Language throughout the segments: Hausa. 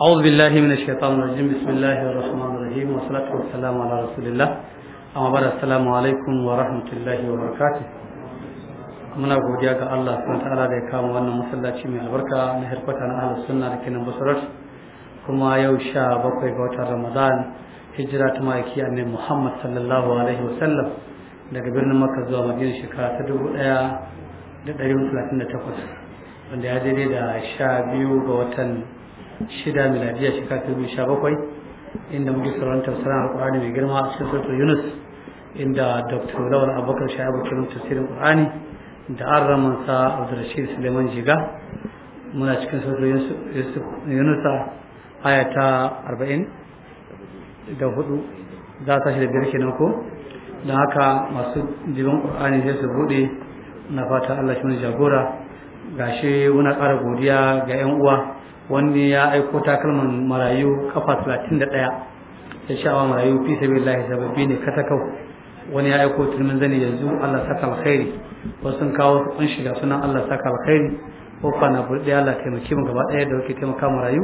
أعوذ بالله من الشيطان الرجيم بسم الله الرحمن الرحيم والصلاة والسلام على رسول الله أما بعد السلام عليكم ورحمة الله وبركاته muna godiya ga Allah subhanahu ta'ala da ya kama wannan masallaci mai albarka na harkata na ahlus sunna da kenan basarar kuma yau sha bakwai ga watan Ramadan hijira ta ma'aiki annabi Muhammad sallallahu alaihi wasallam daga birnin Makka zuwa Madina shekara ta dubu ɗaya da ɗari talatin da takwas wanda ya daidai da sha biyu ga watan shida miladiya shekara ta biyu sha bakwai inda muke sauran tafsirin alƙur'ani mai girma a cikin sautar yunus inda dr lawal abubakar sha'ibu kirin tafsirin ƙur'ani da an ramansa abdurrashid suleiman jiga muna cikin sautar yunus aya ta arba'in da hudu za ta shi da birki na ko don haka masu jibin ƙur'ani sai su buɗe na fata allah shi mun jagora gashi muna ƙara godiya ga 'yan uwa wani ya aiko takalman marayu kafa 31 ya sha'awa marayu fi lahi sababi ne katakau wani ya aiko turmin zani yanzu Allah saka alkhairi wasu sun kawo sun shiga sunan Allah saka alkhairi ko kwana burɗe Allah taimake mu gaba ɗaya da wake taimaka marayu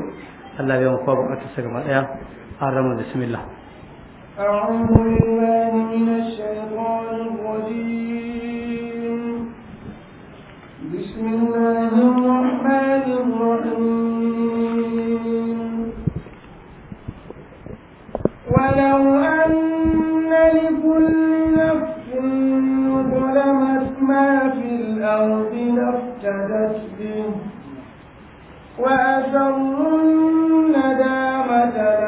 Allah ya mu kowa bukatar sa gaba ɗaya an rama da بسم الله الرحمن الرحيم ولو أن لكل نفس ظلمت ما في الأرض لافتدت به وأسروا الندامة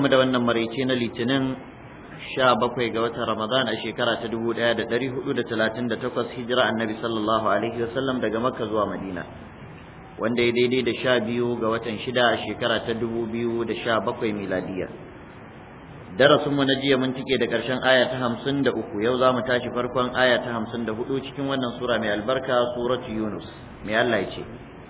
mu da wannan maraice na litinin 17 ga watan ramadan a shekara ta dubu ɗaya da hudu da talatin da takwas hijira annabi sallallahu alaihi wasallam daga makka zuwa madina wanda ya daidai da sha biyu ga watan shida a shekara ta dubu biyu da sha bakwai miladiya darasinmu na jiya mun cike da ƙarshen aya ta hamsin da uku yau za mu tashi farkon aya ta hamsin da hudu cikin wannan sura mai albarka suratu yunus mai allah ya ce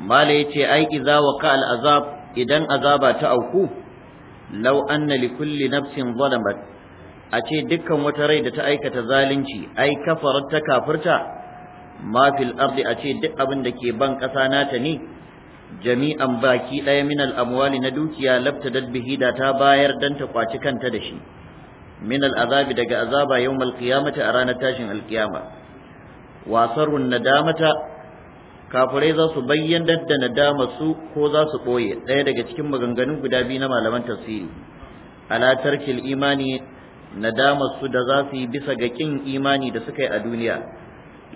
mala yace ai idza wa al al'azab idan azaba ta auku Lau anna li kulli nafsin zalamat a ce dukkan wata rai da ta aikata zalunci ai kafarar ta kafirta ma fil ardi a ce duk abin da ke ban ƙasa nata ne jami'an baki ɗaya min al amwali na dukiya labtadad bihi da ta bayar dan ta kwaci kanta da shi min al'azabi azabi daga azaba yau qiyamati a ranar tashin alkiyama qiyama wasarun nadamata kafirai za su bayyanar da nadama su ko za su ɓoye ɗaya daga cikin maganganun guda biyu na malaman tafsiri ala tarkil imani nadama su da za su yi bisa ga kin imani da suka yi a duniya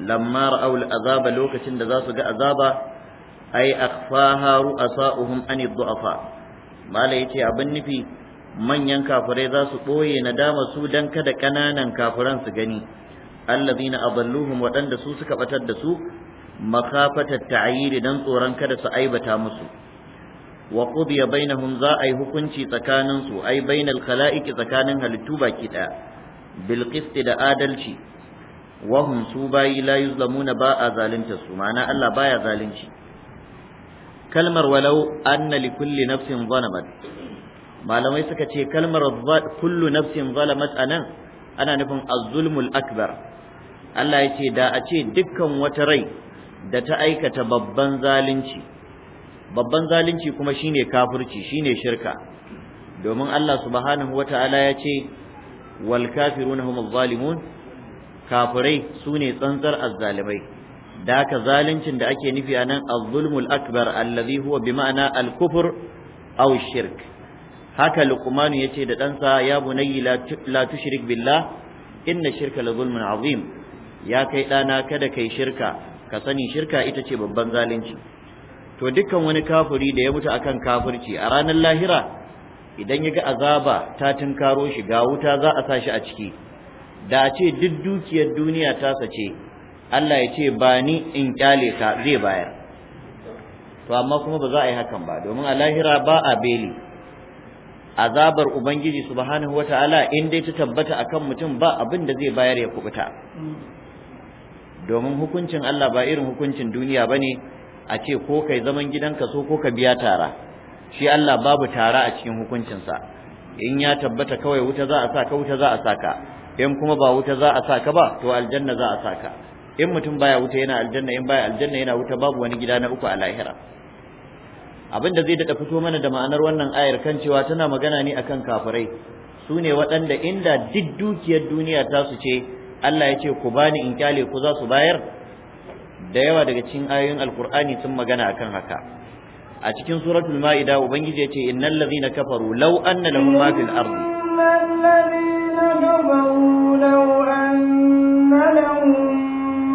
lamma ra'aw azaba lokacin da za su ga azaba ay akhfaha ru'asa'uhum an ad-du'afa mala yace abin nufi manyan kafirai za su ɓoye nadama su dan kada ƙananan kafiran su gani allazina adalluhum waɗanda su suka batar da su makafatar ta'ayiri dan tsoron kada su aibata musu wa qudiya bainahum za a yi hukunci tsakanin su ai bainal kalaiki tsakanin halittu baki daya bil qist da adalci wa hum su bayi la yuzlamuna ba a zalunta su ma'ana Allah baya zalunci kalmar walau anna li kulli nafsin zalamat malamai suka ce kalmar kullu nafsin zalamat anan ana nufin az-zulmul akbar Allah ya ce da a ce dukkan wata rai da ta aikata babban zalunci babban zalunci kuma shine kafirci shine shirka domin Allah subhanahu wata'ala ya ce wal kafiruna humuz zalimun kafirai sune tsantsar azzalimai da haka zaluncin da ake nufi anan az-zulmul akbar allazi huwa bi ma'ana al-kufr aw shirk haka luqman yace da ɗansa ya bunayya la tushrik billah inna shirka la zulmun azim ya kai ɗana kada kai shirka ka sani shirka ita ce babban zalunci to dukkan wani kafiri da ya mutu akan kafirci a ranar lahira idan ya ga azaba ta tunkaro shi ga wuta za a sa shi a ciki da ce duk dukiyar duniya ta sace Allah ya ce ba ni in kyale ka zai bayar to amma kuma ba za a yi hakan ba domin a lahira ba a beli azabar ubangiji subhanahu wataala in dai ta tabbata akan mutum ba abin da zai bayar ya kubuta domin hukuncin Allah ba irin hukuncin duniya bane a ce ko kai zaman gidanka so ko ka biya tara shi Allah babu tara a cikin hukuncinsa in ya tabbata kawai wuta za a sa wuta za a sa ka in kuma ba wuta za a sa ba to aljanna za a sa ka in mutum baya wuta yana aljanna in baya aljanna yana wuta babu wani gida na uku a lahira abin da zai daɗa fito mana da ma'anar wannan ayar kan cewa tana magana ne akan kafirai su ne waɗanda inda duk dukiyar duniya ta su ce Allah ya ce ku bani in kyale ku za su bayar da yawa daga cikin ayoyin alkur'ani sun magana akan haka a cikin suratul ma'ida ubangiji ya ce innal ladhina kafaru law anna lahum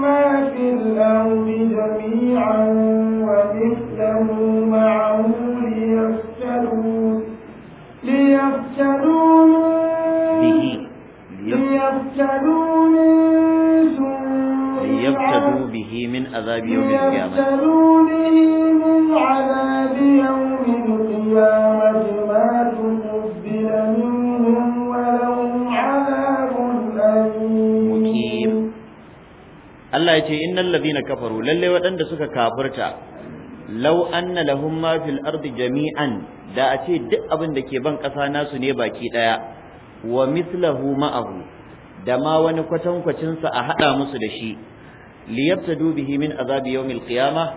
ma fil ardi ليفتدوا به من عذاب يوم القيامة Allah ya ce innal ladina kafaru lallai waɗanda suka kafirta law anna lahum ma jami'an da a ce duk abin da ke ban ƙasa nasu ne baki ɗaya, wa mislahu ma'ahu da ma wani kwatankwacinsa a haɗa musu da shi liyabtadu bihi min azabi yawmil qiyamah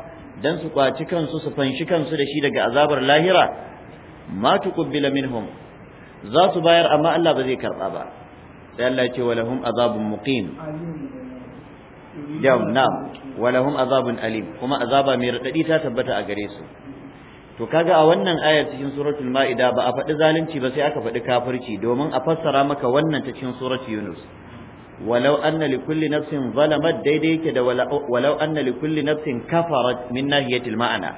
dan su kwaci kansu su fanshi kansu da shi daga azabar lahira ma tuqbila minhum za su bayar amma Allah ba zai karba ba sai Allah ya ce walahum azabun muqim yau walahum azabun alim kuma azaba mai radadi ta tabbata a gare su to kaga a wannan ayar cikin suratul ma'ida ba a faɗi zalunci ba sai aka faɗi kafirci domin a fassara maka wannan ta cikin suratul yunus walau anna li kulli nafsin zalamat daidai yake da walau anna li kulli nafsin kafarat min nahiyatil ma'ana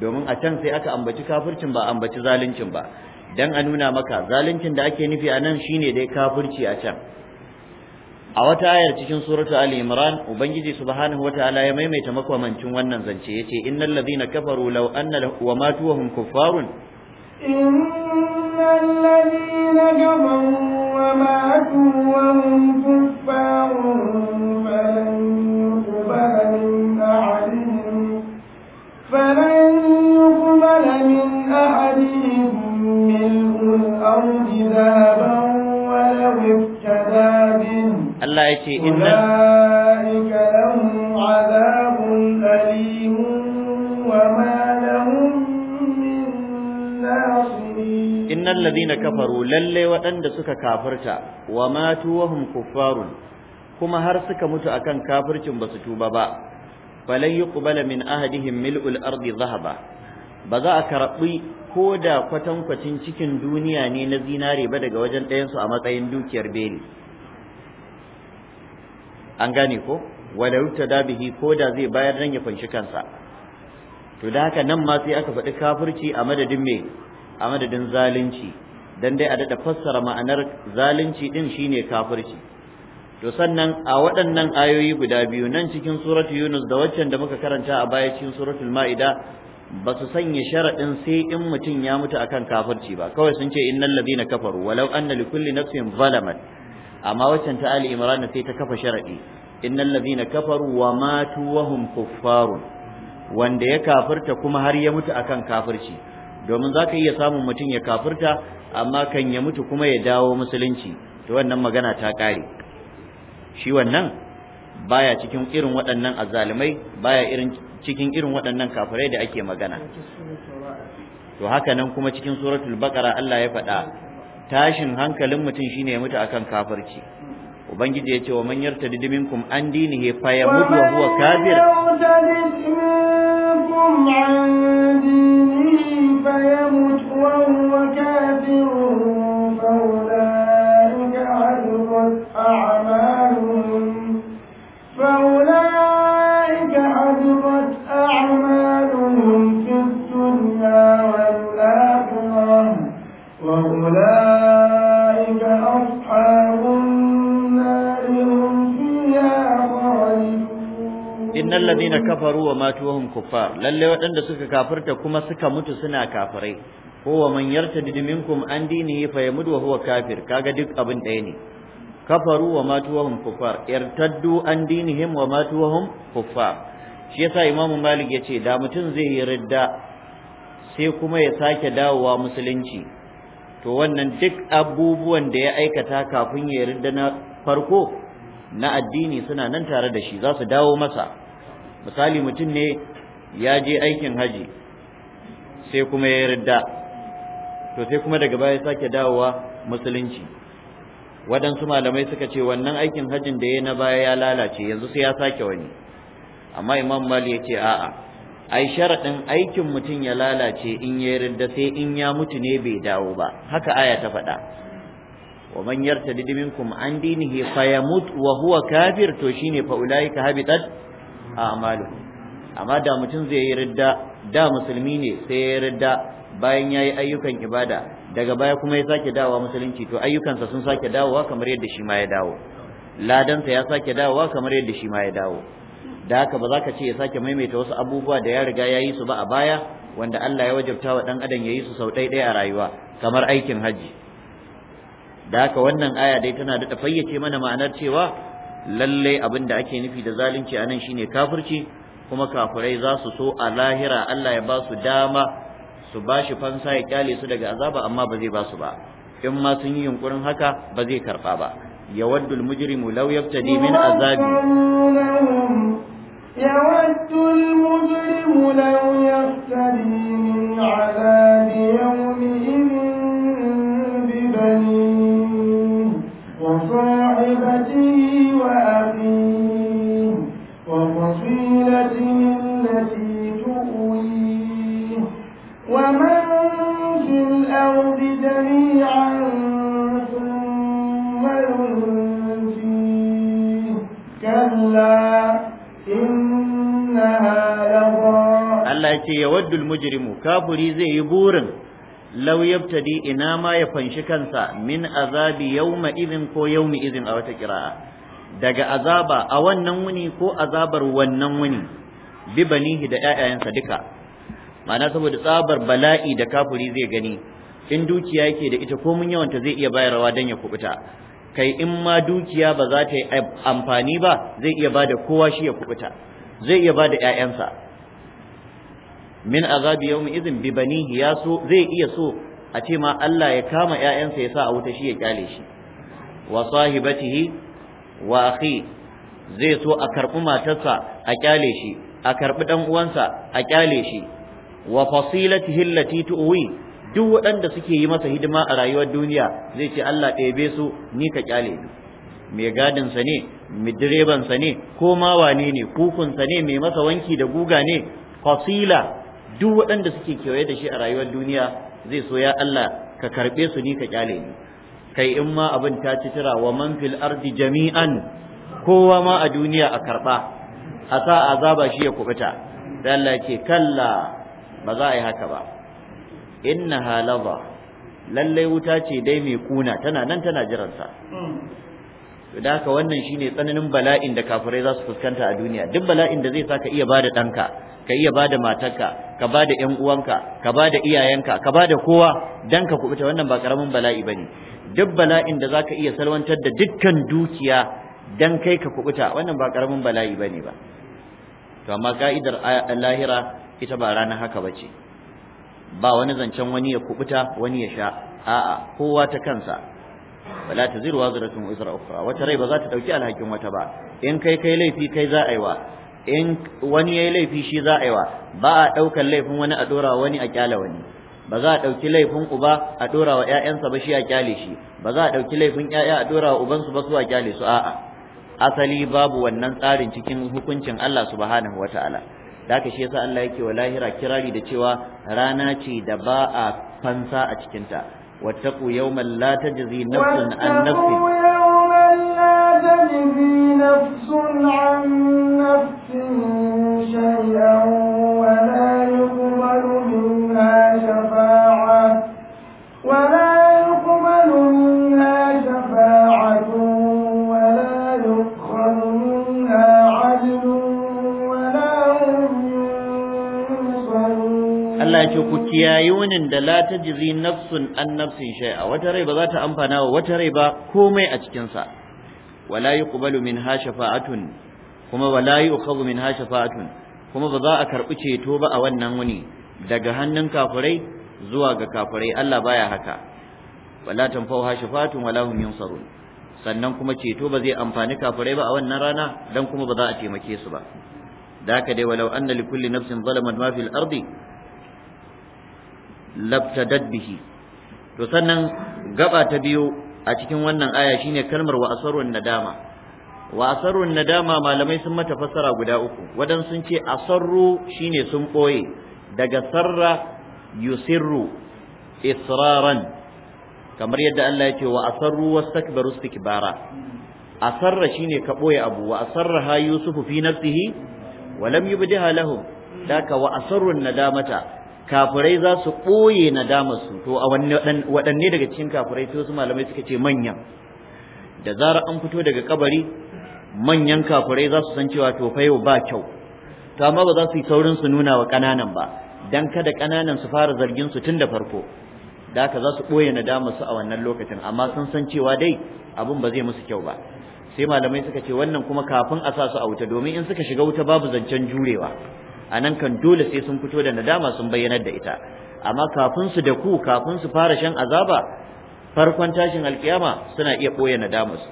domin a can sai aka ambaci kafircin ba ambaci zaluncin ba dan a nuna maka zaluncin da ake nufi a nan shine dai kafirci a can a wata ayar cikin suratu ali imran ubangiji subhanahu wataala ya maimaita makamancin wannan zance yace innal ladhina kafaru law anna wa matu wa hum kuffarun إن الذين كفروا وماتوا وهم كفار فلن يقبل من أحدهم فلن يقبل من أحدهم ملء الأرض ذهبا ولو افتدى به الله يتي إن kafaru lalle waɗanda suka kafirta wa matu hum kuffarun kuma har suka mutu akan kafircin basu tuba ba falan yuqbala min ahadihim mil'ul ardi zahaba ba za a karɓi ko da kwatankwacin cikin duniya ne na zinare ba daga wajen ɗayansu a matsayin dukiyar beni an gane ko wala yutta da bihi ko da zai bayar dan ya fanshi kansa to da haka nan ma sai aka faɗi kafirci a madadin me a madadin zalunci dan dai a dada fassara ma'anar zalunci din shine kafirci to sannan a waɗannan ayoyi guda biyu nan cikin suratul yunus da waccan da muka karanta a baya cikin suratul ma'ida ba su sanya sharaɗin sai in mutum ya mutu akan kafirci ba kawai sun ce innal ladina kafaru walau anna likulli nafsin zalamat amma waccan ta ali imran sai ta kafa sharaɗi innal ladina kafaru wa matu wa hum kuffarun wanda ya kafirta kuma har ya mutu akan kafirci domin za ka iya samun mutum ya kafurta, amma kan ya mutu kuma ya dawo musulunci to wannan magana ta kare shi wannan baya cikin irin waɗannan azzalumai baya irin cikin irin waɗannan kafirai da ake magana to haka nan kuma cikin suratul baqara Allah ya faɗa tashin hankalin mutum shine ya mutu akan kafirci ubangiji ya ce wa man yartadi minkum an dinihi fa yamut wa huwa kafir فيمت وهو كافر فأولئك حبطت أعمالهم alladheena kafaru wa matu wa hum kuffar lalle waɗanda suka kafirta kuma suka mutu suna kafirai wa man yartadid minkum an dinihi yamud wa huwa kafir kaga duk abin ɗaya ne kafaru wa matu wa hum kuffar irtaddu an dinihim wa matu wa hum kuffar shi yasa imamu malik yace da mutum zai yi ridda sai kuma ya sake dawowa musulunci to wannan duk abubuwan da ya aikata kafin ya ridda na farko na addini suna nan tare da shi za su dawo masa misali mutum ne ya je aikin haji sai kuma ya yarda to sai kuma daga baya sake dawowa musulunci waɗansu malamai suka ce wannan aikin hajin da ya na baya ya lalace yanzu sai ya sake wani amma imam mali ya ce a'a ai sharaɗin aikin mutum ya lalace in ya yarda sai in ya mutu ne bai dawo ba haka aya ta faɗa wa man yartadi minkum an dinihi fayamut wa huwa kafir to shine fa ulaika habitat a'malu amma da mutum zai yi ridda da musulmi ne sai ya ridda bayan ya yi ayyukan ibada daga baya kuma ya sake dawowa musulunci to ayyukansa sun sake dawowa kamar yadda shi ma ya dawo ladansa ya sake dawowa kamar yadda shi ma ya dawo da haka ba za ka ce ya sake maimaita wasu abubuwa da ya riga ya yi su ba a baya wanda Allah ya wajabta wa ɗan adam ya yi su sau ɗaya a rayuwa kamar aikin hajji da haka wannan aya dai tana da fayyace mana ma'anar cewa lallai abin da ake nufi da zalunci anan shine kafirci kuma kafurai za su so a lahira Allah ya ba su dama su ba shi fansa ya kyale su daga azaba amma ba zai ba su ba in ma sun yi yunkurin haka ba zai karba ba yawaddu almujrimu law yabtadi min azabi kafuri zai yi burin law yabtadi ina ma ya fanshi kansa min azabi yawma idin ko yawmi idin a wata kira'a daga azaba a wannan wuni ko azabar wannan wuni bi banihi da ƴaƴayensa duka ma'ana saboda tsabar bala'i da kafuri zai gani in dukiya yake da ita ko mun yawanta zai iya bayarwa don ya kubuta kai in ma dukiya ba za ta yi amfani ba zai iya bada kowa shi ya kubuta zai iya bada ƴaƴansa min azabi yawmi idhin bi banihi ya so zai iya so a ce ma Allah ya kama ƴaƴansa ya sa a wuta shi ya kyale shi wa sahibatihi wa akhi zai so a karbi matarsa a kyale shi a karbi dan uwansa a kyale shi wa fasilatihi allati tuwi duk waɗanda suke yi masa hidima a rayuwar duniya zai ce Allah ɗebe su ni ka kyale ni mai gadinsa ne direbansa ne ko ma wane ne kukunsa ne mai masa wanki da guga ne fasila duk waɗanda suke kewaye da shi a rayuwar duniya zai so ya Allah ka karɓe su ni ka kyale ni kai in ma abin ta ci tira wa man fil ardi jami'an kowa ma a duniya a karɓa, a sa azaba shi ya kubuta dan Allah ce kalla ba za a yi haka ba Inna halaba lallai wuta ce dai mai kuna tana nan tana jiransa mm. to da haka wannan shine tsananin bala'in da kafirai za su fuskanta a duniya duk bala'in da zai saka iya bada danka, ka iya bada matarka ka bada ƴan uwanka ka bada iyayenka ka bada kowa dan ka kubuta wannan ba karamin bala'i bane duk bala'in da zaka iya salwantar da dukkan dukiya dan kai ka kubuta wannan ba karamin bala'i bane ba to amma ka'idar lahira ita ba rana haka bace ba wani zancen wani ya kubuta wani ya sha a'a kowa ta kansa wala taziru wazratun wizra ukhra wata rai ba za ta dauki alhakin wata ba in kai kai laifi kai za a yi wa in wani yayi laifi shi za a yi wa ba a daukar laifin wani a dora wani a kyala wani ba za a dauki laifin uba a dora wa ba shi a kyale shi ba za a dauki laifin ƴaƴa a dora ubansu ba su a kyale su a'a asali babu wannan tsarin cikin hukuncin Allah subhanahu wataala da haka shi yasa Allah yake wa lahira kirari da cewa rana ce da ba a fansa a cikinta واتقوا يوما لا تجزي نفس عن نفس يوما لا تجزي نفس عن نفس شيئا ce ku kiyayi wunin da la tajzi nafsun an nafsin a wata rai ba za ta amfana wa wata rai ba komai a cikin sa wala yuqbalu minha shafa'atun kuma wala yu'khadhu minha shafa'atun kuma ba za a karbi ceto ba a wannan wuni daga hannun kafirai zuwa ga kafirai Allah baya haka wala tanfa'uha shafa'atun wala hum yunsarun sannan kuma ceto ba zai amfani kafirai ba a wannan rana dan kuma ba za a taimake su ba da haka dai walau anna likulli nafsin zalamat ma fil labtadad bihi to sannan gaba ta biyu a cikin wannan aya shine kalmar wa asarun nadama wa asarun nadama malamai sun mata fassara guda uku wadan sun ce asarru shine sun boye daga sarra yusirru israran kamar yadda Allah ya ce wa asarru wastakbaru istikbara asarra shine ka boye abu wa ha yusufu fi nafsihi wa lam yubdiha lahum daka wa asarru nadamata kafirai za su ɓoye nadamarsu to a waɗanne daga cikin kafirai sai wasu malamai suka ce manyan da zara an fito daga kabari manyan kafirai za su san cewa to fa yau ba kyau to amma ba za su yi saurin su nuna wa kananan ba dan kada ƙananan su fara zargin su tun da farko da haka za su ɓoye nadamarsu a wannan lokacin amma sun san cewa dai abun ba zai musu kyau ba sai malamai suka ce wannan kuma kafin a sa su a wuta domin in suka shiga wuta babu zancen jurewa a nan kan dole sai sun fito da nadama sun bayyanar da ita amma kafin su da ku kafin su fara shan azaba farkon tashin alkiyama suna iya ɓoye nadama su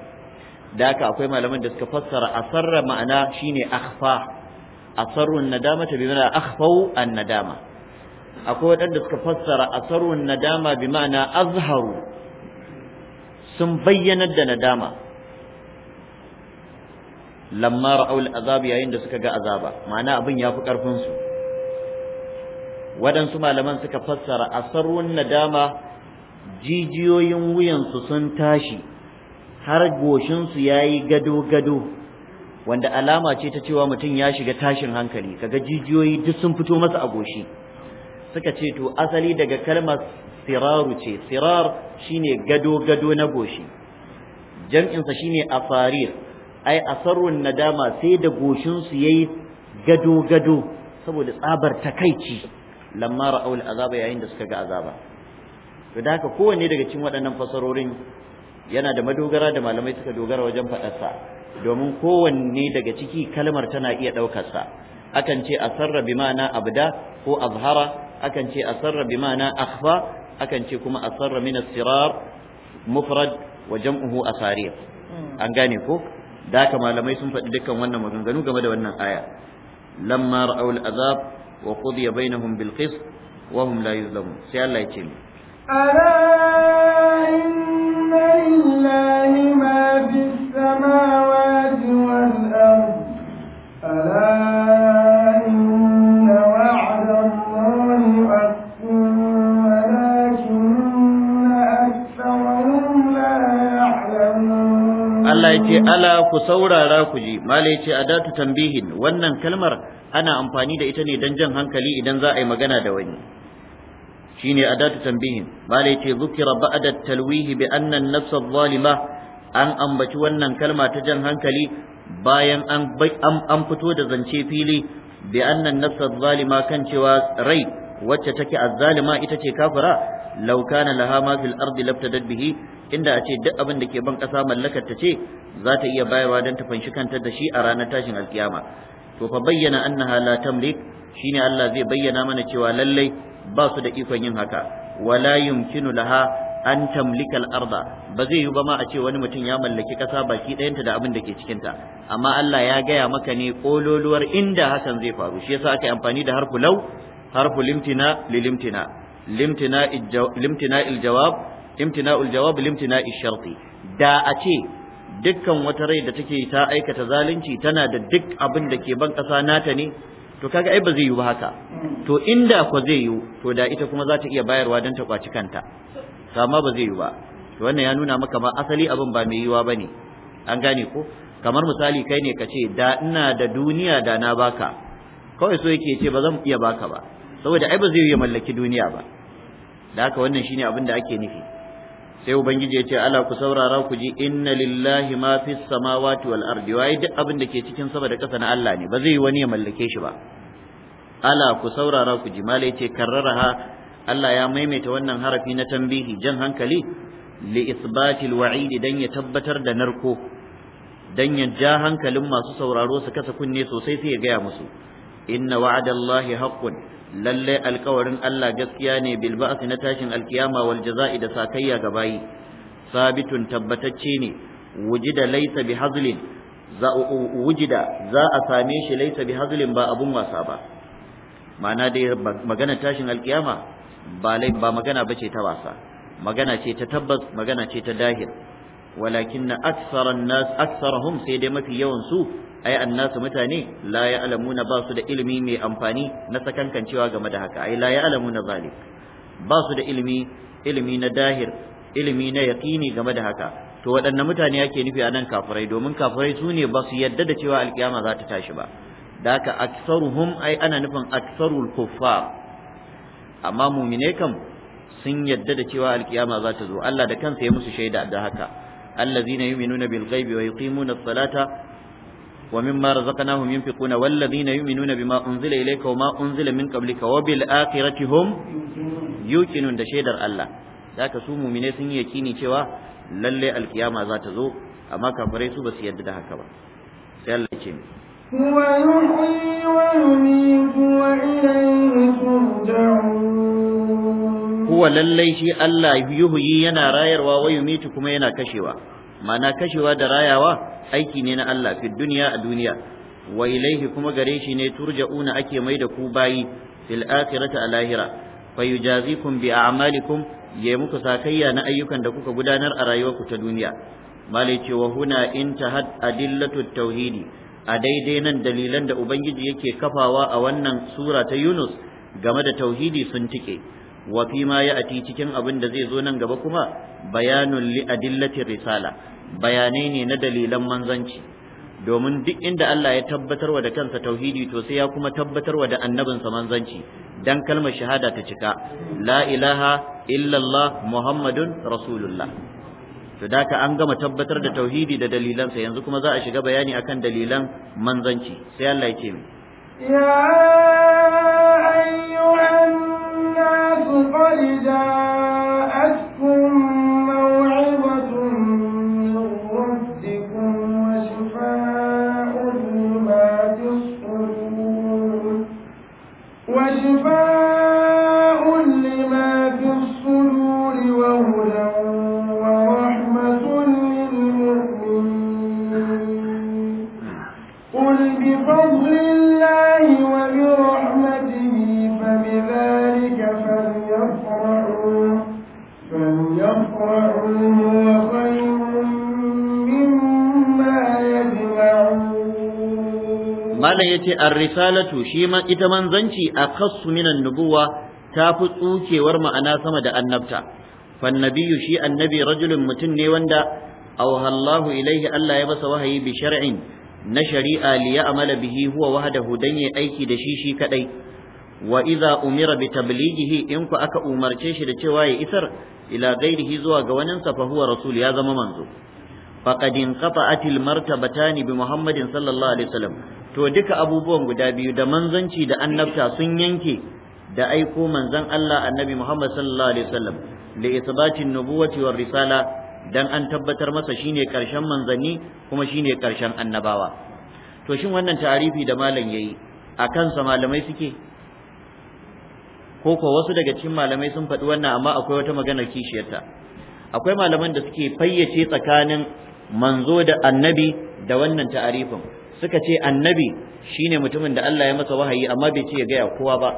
da haka akwai malaman da suka fassara asarra ma'ana shine akhfa asarrun nadama ta bimana akhfau an nadama akwai waɗanda suka fassara asarrun nadama bi azharu sun bayyanar da nadama lamma ra'ul azab yayin da suka ga azaba ma'ana abin yafi karfin su wadansu malaman suka fassara asarrun nadama jijiyoyin wuyansu sun tashi har goshinsu ya yi gado-gado wanda alama ce ta cewa mutum ya shiga tashin hankali kaga jijiyoyi duk sun fito masa a goshi suka ce to asali daga kalmar siraru ce sirar shine gado-gado na goshi jam'insa shine afarir ai asarrun nadama sai da goshin su yayi gado gado saboda tsabar takaici lamma ra'aw azaba yayin da suka ga azaba to da haka kowanne daga cikin waɗannan fasarorin yana da madogara da malamai suka dogara wajen faɗarsa domin kowanne daga ciki kalmar tana iya ɗaukarsa akan ce sarra bi ma'ana abda ko azhara akan ce sarra bi ma'ana akhfa akan ce kuma a min as-sirar mufrad wa jam'uhu asarir hmm. an gane ko da haka malamai sun faɗi dukkan wannan maganganu game da wannan aya lamma ra'aw azab wa qudiya bainahum bil qist wa hum la yuzlamun sai Allah ya ce ni ala inna lillahi ma fis ce ala ku saurara ku ji malai ce adatu tambihin wannan kalmar ana amfani da ita ne dan jan hankali idan za a yi magana da wani shine adatu tambihin malai ce zukira ba'da talwihi bi anna an-nafs adh-dhalima an ambaci wannan kalma ta jan hankali bayan an an fito da zance fili bi anna an-nafs adh-dhalima kan cewa rai wacce take zalima ita ce kafira Lauka na laha ma fil ardi labtadat bihi inda a ce duk abin da ke ban kasa mallakar ta ce za ta iya bayarwa don ta fanshi kanta da shi a ranar tashin alkiyama to fa bayyana annaha la tamlik shine Allah zai bayyana mana cewa lallai ba su da ikon yin haka wala yumkinu laha an tamlika arda ba zai yiwu ba ma a ce wani mutum ya mallaki kasa baki ɗayanta da abin da ke cikinta amma Allah ya gaya maka ne kololuwar inda hakan zai faru shi yasa aka yi amfani da harfu law harfu limtina lilimtina limtina'il jawab imtina'ul jawab limtina'ish sharti da a ce dukkan wata rai da take ta aikata zalunci tana da duk abin da ke ban kasa nata ne to kaga ai ba zai yi ba haka to inda ko zai yi to da ita kuma za ta iya bayarwa don ta kwaci kanta amma ba zai yi ba to wannan ya nuna maka ba asali abin ba mai yiwa bane an gane ko kamar misali kai ne ka ce da ina da duniya da na baka kawai so yake ce ba zan iya baka ba saboda ai ba zai yi mallaki duniya ba da haka wannan shine abin da ake nufi sai ubangiji ya ce ala ku saurara ku ji inna lillahi ma fi samawati wal ardi wai duk abin da ke cikin sama da ƙasa na Allah ne ba zai yi wani ya mallake shi ba ala ku saurara ku ji malai ce karraraha Allah ya maimaita wannan harafi na tambihi jan hankali li isbatil wa'idi dan ya tabbatar da narko dan ya ja hankalin masu sauraro su kasa kunne sosai sai ya gaya musu inna wa'adallahi haqqun lalle alkawarin Allah gaskiya ne bil ba'si na tashin alkiyama wal jaza'i da sakayya ga bayi sabitun tabbatacce ne wujida laysa bi hazlin za wujida za a same shi laysa bi ba abun wasa ba ma'ana dai magana tashin alkiyama ba ba magana bace ta wasa magana ce ta tabbas magana ce ta dahir Walakin na aksar hum sai dai mafi yawan su ai annasu mutane la ya'lamuna ba su da ilimi mai amfani na sakankancewa game da haka ai la ya'lamuna zalik ba su da ilimi na dahir ilimi na yaƙini game da haka to waɗanne mutane ake nufi anan kafirai domin kafirai su ne ba su yadda da cewa alkiyama za ta tashi ba da aksar hum ai ana nufin aktsarul kuffar amma mumine sun yadda da cewa alkiyama za ta zo Allah da kansa ya musu shaida da haka allazina yu'minuna bil ghaibi wa yuqimuna as-salata wa mimma razaqnahum yunfiquna wal ladzina yu'minuna bima unzila ilayka wa ma unzila min qablika wa bil akhirati hum yuqinun da shaidar Allah zaka su mu'mine sun yi yakini cewa lallai alkiyama za ta zo amma kafirai su yarda da haka ba sai Allah هو يحيي ويميت وإليه ترجعون huwa lallai shi Allah yuhyi yana rayarwa wa yumitu kuma yana kashewa ma'ana kashewa da rayawa aiki ne na Allah fi duniya a duniya wa ilaihi kuma gare shi ne turja'una ake mai da ku bayi fil akhirati a lahira fa yujazikum bi a'malikum ya muku sakayya na ayyukan da kuka gudanar a rayuwar ku ta duniya malai ce wa huna intahat adillatu tauhidi a daidai nan dalilan da ubangiji yake kafawa a wannan sura ta Yunus game da tauhidi sun tike wa fi ma ya'ti cikin abin da zai zo nan gaba kuma bayanun li adillati risala bayanai ne na dalilan manzanci domin duk inda Allah ya tabbatarwa da kansa tauhidi to sai ya kuma tabbatarwa da annabinsa manzanci dan kalmar shahada ta cika la ilaha illallah muhammadun rasulullah to daka an gama tabbatar da tauhidi da dalilansa yanzu kuma za a shiga bayani akan dalilan manzanci sai Allah ya ce ya ayyuhan قد جاءتكم malam yace ar-risalatu shi ma ita manzanci akhassu minan nubuwa ta fi tsukewar ma'ana sama da annabta Fannabiyu shi annabi rajulun mutum ne wanda auhallahu ilaihi Allah ya basa wahayi bi shar'in na shari'a liya amala bihi huwa wahdahu dan yi aiki da shi shi kadai wa idza umira bi tablighihi in ku aka umarce shi da cewa ya isar ila gairihi zuwa ga wani fa huwa rasul ya zama manzo faqad inqata'atil martabatani bi muhammadin sallallahu alaihi wasallam to duka abubuwan guda biyu da manzanci da annabta sun yanke da aiko manzan Allah annabi Muhammad sallallahu alaihi wasallam li isbatin nubuwati war risala dan an tabbatar masa shine karshen manzanni kuma shine karshen annabawa to shin wannan tarifi da malam yayi akan sa malamai suke ko ko wasu daga cikin malamai sun faɗi wannan amma akwai wata magana kishiyarta akwai malaman da suke fayyace tsakanin manzo da annabi da wannan ta'arifin suka ce annabi shine mutumin da Allah ya masa wahayi amma bai ce ya gaya kowa ba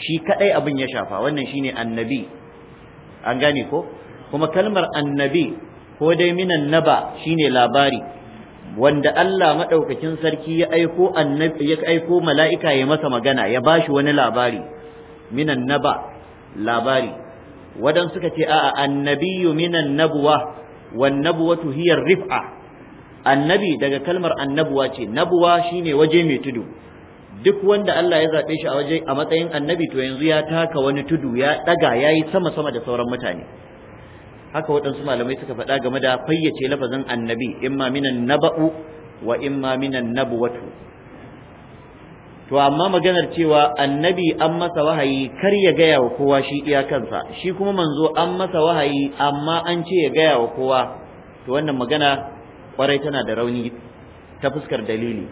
shi kadai abin ya shafa wannan shine annabi an gane ko kuma kalmar annabi ko dai minan naba shine labari wanda Allah madaukakin sarki ya aiko annabi ya aiko mala'ika ya masa magana ya bashi wani labari minan naba labari wadan suka ce a'a annabiyyu minan nabuwa wan nabuwatu hiya rif'a annabi daga kalmar annabuwa ce nabuwa shine waje mai tudu duk wanda Allah ya zaɓe shi a waje a matsayin annabi to yanzu ya taka wani tudu ya ɗaga ya yi sama sama da sauran mutane haka waɗansu malamai suka faɗa game da fayyace lafazin annabi imma minan naba'u wa imma minan nabuwatu to amma maganar cewa annabi an masa wahayi kar ya gaya wa kowa shi iya kansa shi kuma manzo an masa wahayi amma an ce ya gaya wa kowa to wannan magana kwarai tana da rauni ta fuskar dalili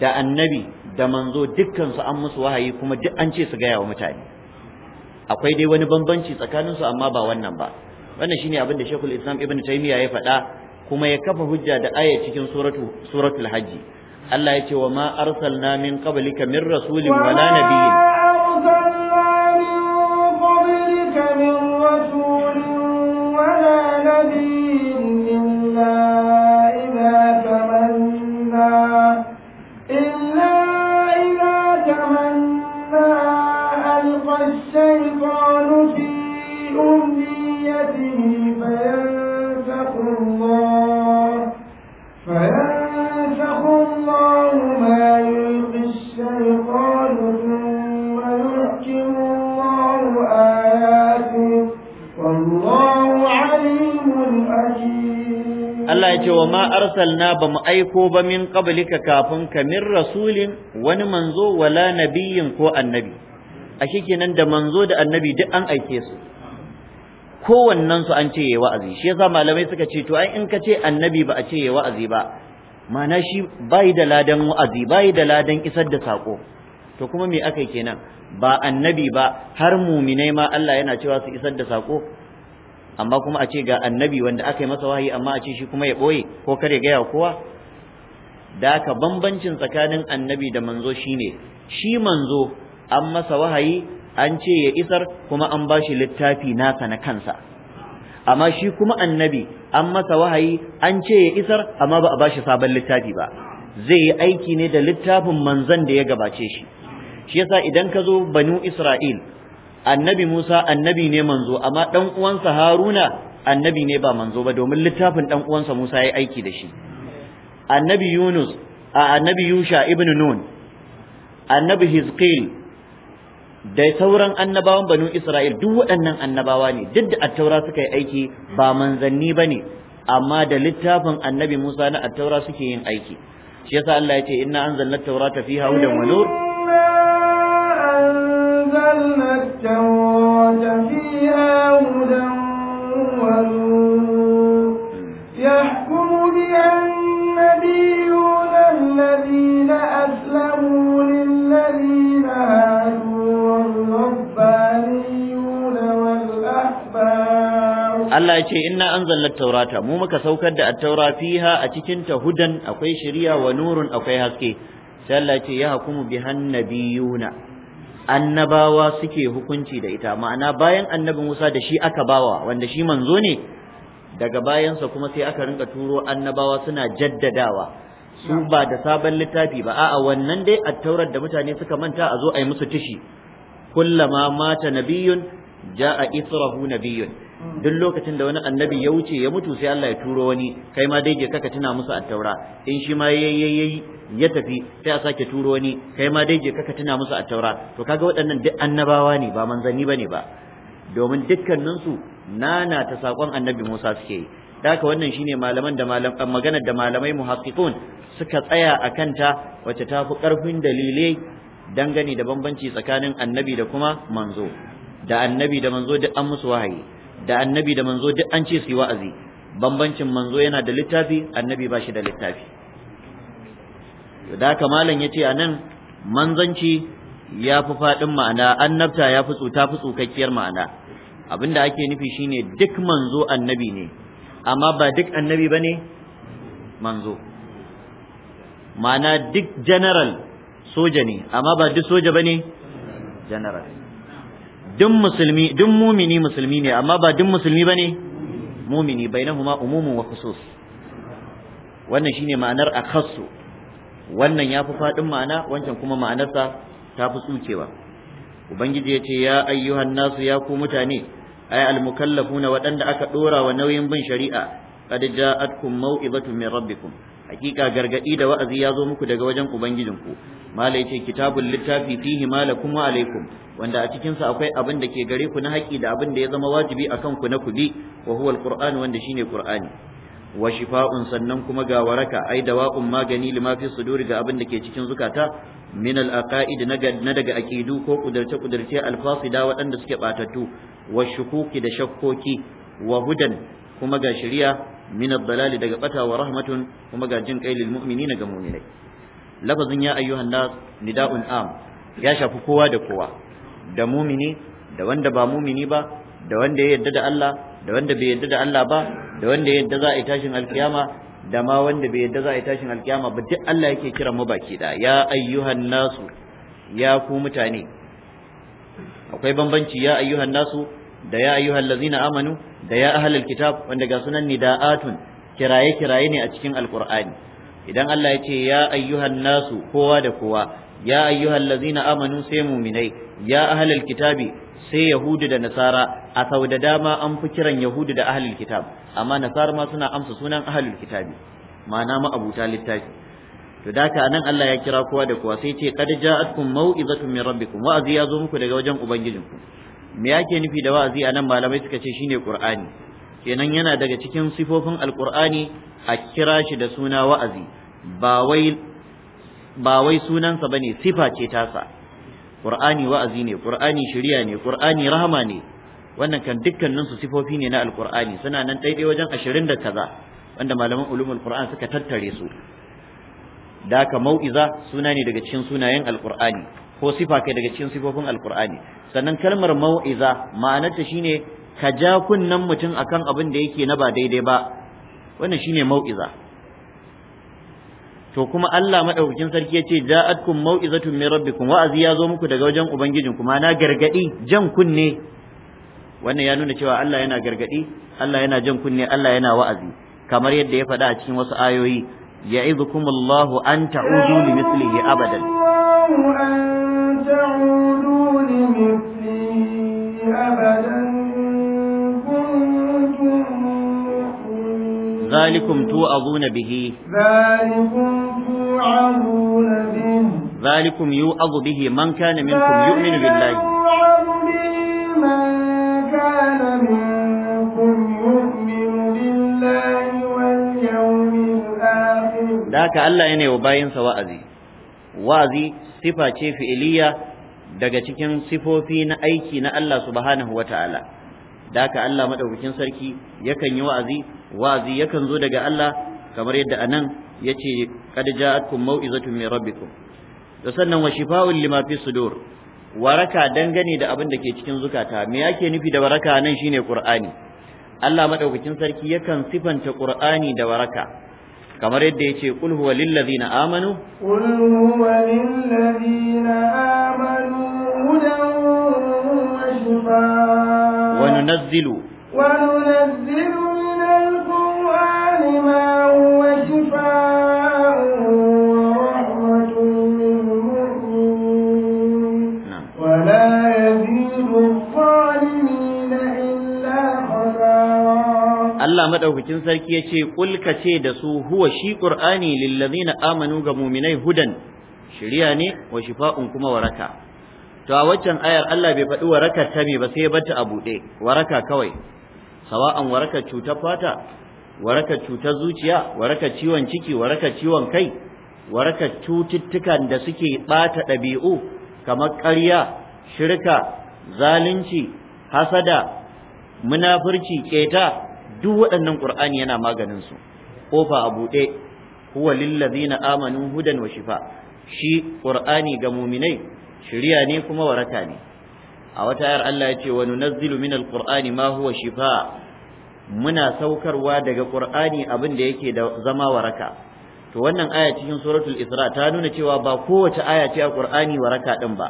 da annabi da manzo dukkan su an musu wahayi kuma duk an ce su gaya wa mutane akwai dai wani bambanci tsakanin su amma ba wannan ba wannan shine abin da Sheikhul Islam Ibn Taymiyyah ya faɗa kuma ya kafa hujja da aya cikin suratu suratul hajji Allah ya ce wa ma arsalna min qablika min rasulin wala nabiyyin ce wa ma arsalna ba mu aiko ba min qablika kafin ka min rasulin wani manzo wala nabiyin ko annabi a nan da manzo da annabi duk an aike su kowannen su an ce yayi wa'azi shi yasa malamai suka ce to ai in ka ce annabi ba a ce yayi wa'azi ba ma'ana shi bai da ladan wa'azi bai da ladan isar da sako to kuma me akai kenan ba annabi ba har muminai ma Allah yana cewa su isar da sako amma kuma a ce ga annabi wanda aka yi masa wahayi amma a ce shi kuma ya ɓoye ko kare gaya kowa da aka bambancin tsakanin annabi da manzo shine shi manzo an masa wahayi an ce ya isar kuma an ba shi littafi nasa na kansa amma shi kuma annabi an masa wahayi an ce ya isar amma ba a ba shi sabon littafi ba zai yi aiki ne da littafin manzon da ya gabace shi shi yasa idan ka zo banu isra'il annabi Musa annabi ne manzo amma dan uwansa Haruna annabi ne ba manzo ba domin littafin dan uwansa Musa ya aiki da shi annabi Yunus a annabi Yusha ibn Nun annabi Hizqil da sauran annabawan banu Isra'il duk waɗannan annabawa ne duk da attaura suka yi aiki ba manzanni bane amma da littafin annabi Musa na attaura suke yin aiki shi yasa Allah ya ce inna anzalna at-taurata fiha hudan wa nur Allah ya ce, Ina an zallar taurata, mu muka saukar da taura fiha a cikin ta tahudan akwai shirya wa nurun akwai haske, sai Allah ya ce, Ya hakumu bi hannabi yuna, annabawa suke hukunci da ita ma'ana bayan Annabin Musa da shi aka bawa wanda shi manzo ne daga bayansa kuma sai aka rinka turo annabawa suna jaddadawa su ba da sabon littafi ba a'a wannan dai a taurar da mutane suka manta a zo a yi musu tishi kullama mata nabiyun ja'a israhu nabiyun duk lokacin da wani annabi ya wuce ya mutu sai Allah ya turo wani kai ma dai je kaka tuna musu attaura in shi ma yayi ya tafi sai a sake turo wani kai ma dai je kaka tuna musu attaura to kaga waɗannan duk annabawa ne ba manzanni bane ba domin dukkaninsu nana ta sakon annabi Musa suke yi haka wannan shine malaman da malaman maganar da malamai muhaqqiqun suka tsaya a ta wacce ta fi karfin dalilai dangane da bambanci tsakanin annabi da kuma manzo da annabi da manzo duk an musu wahayi da annabi da manzo duk an ce su yi wa'azi bambancin manzo yana da littafi annabi ba shi da littafi da haka malam ya ce a manzanci ya fi faɗin ma'ana annabta ya fi tsuta fi tsukakkiyar ma'ana abinda ake nufi shine duk manzo annabi ne amma ba duk annabi ba ne manzo ma'ana duk general soja ne amma ba duk soja ba ne general duk musulmi duk mumini musulmi ne amma ba duk musulmi bane mumini bainahuma umumun wa khusus wannan shine ma'anar akhassu wannan yafi fadin ma'ana wancan kuma ma'anarsa ta fi tsukewa ubangiji ya ce ya ayyuhan nasu ya ku mutane ay na waɗanda aka dora wa nauyin bin shari'a qad ja'atkum maw'izatun min rabbikum hakika gargadi da wa'azi ya zo muku daga wajen ubangijinku mala yace kitabul littafi fihi malakum wa alaikum wanda a cikin sa akwai abin da ke gare ku na haƙi da abin da ya zama wajibi akan ku na ku bi wa huwa alquran wanda shine qur'ani wa shifa'un sannan kuma ga waraka ai dawa'un magani lima fi suduri ga abin da ke cikin zukata min alaqaid na daga aqidu ko kudarce kudarce alfasida waɗanda suke batattu wa shukuki da shakkoki wa hudan kuma ga shari'a min ad-dalali daga bata wa rahmatun kuma ga jin kai lil mu'minina ga mu'minai lafazin ya ayyuhan nas nida'un am ya shafi kowa da kowa da mumini da wanda ba mumini ba da wanda ya yadda da Allah da wanda bai yadda da Allah ba da wanda ya yadda za a yi tashin alkiyama da ma wanda bai yadda za a yi tashin alkiyama ba duk Allah yake kiran mu baki da ya ya ku mutane akwai bambanci ya ayyuhan nasu da ya ayyuhal ladzina amanu da ya ahlal kitab wanda ga sunan nida'atun kiraye kiraye ne a cikin alqur'ani idan Allah ya ce ya ayyuhan nasu kowa da kowa ya ayyuhal ladzina amanu sai mu'minai ya ahlal kitabi sai yahudu da nasara a sau da dama an fi kiran yahudu da ahlul kitab amma nasara ma suna amsa sunan ahlul kitabi ma'ana ma littafi to da anan Allah ya kira kowa da kowa sai ce qad ja'atkum mau'izatun min rabbikum wa'azi ya zo muku daga wajen ubangijinku me yake nufi da wa'azi a nan malamai suka ce shine qur'ani kenan yana daga cikin sifofin alqur'ani a kira shi da suna wa'azi ba wai ba wai sunansa bane sifa ce tasa qur'ani wa'azi ne qur'ani shari'a ne qur'ani rahama ne wannan kan dukkanin su sifofi ne na alqur'ani suna nan daidai wajen 20 da kaza wanda malaman ulumul qur'an suka tattare su da ka mau'iza suna ne daga cikin sunayen alqur'ani ko sifa kai daga cikin sifofin alqur'ani sannan kalmar mau'iza ma'anarta shine ka ja kunnan mutum akan abin da yake na ba daidai ba wannan shine mau'iza to kuma Allah madaukakin sarki yace ja'atkum mau'izatun min rabbikum wa'azi ya zo muku daga wajen Ubangijin, kuma na gargadi jan kunne wannan ya nuna cewa Allah yana gargadi Allah yana jan kunne Allah yana wa'azi kamar yadda ya faɗa a cikin wasu ayoyi ya'idukumullahu an ta'udu li abadan تعودوا لمثله أبدا كنتم ذلكم توعظون به ذلكم توعظون به ذلكم يوعظ به من كان منكم يؤمن بالله يوعظ به من كان منكم يؤمن بالله واليوم الآخر ذاك الله ينهي وباين سواء وعزي sifa ce fi'iliya daga cikin sifofi na aiki na Allah subhanahu ta'ala da haka Allah madaukakin sarki yakan yi wa'azi wa'azi yakan zo daga Allah kamar yadda anan yace qad ja'akum mau'izatun min rabbikum da sannan wa shifa'un lima fi sudur waraka dangane da abin da ke cikin zukata me yake nufi da waraka nan shine qur'ani Allah madaukakin sarki yakan sifanta qur'ani da waraka kamar yadda ya ce qul huwa lil na amanu qul huwa lil na amanu hudan wa shifaa wa nunazzilu wa nunazzilu min al-qur'ani ma Allah madaukakin sarki yace kul ce da su huwa shi qur'ani ladina amanu ga mu'minai hudan shiriya ne wa shifa'un kuma waraka to a waccan ayar Allah bai faɗi waraka ta me ba sai ya bata a buɗe waraka kawai sawa'an waraka cutar fata waraka cutar zuciya waraka ciwon ciki waraka ciwon kai waraka cututtukan da suke ɓata ɗabi'u kamar ƙarya shirka zalunci hasada munafurci keta duk waɗannan ƙur'ani yana maganin su kofa a buɗe huwa lillazina amanu hudan wa shifa shi ƙur'ani ga mu'minai Shirya ne kuma waraka ne a wata ayar Allah ya ce wa nunazzilu minal qur'ani ma huwa shifa muna saukarwa daga ƙur'ani abin da yake da zama waraka to wannan aya cikin suratul isra ta nuna cewa ba kowace aya ce a ƙur'ani waraka din ba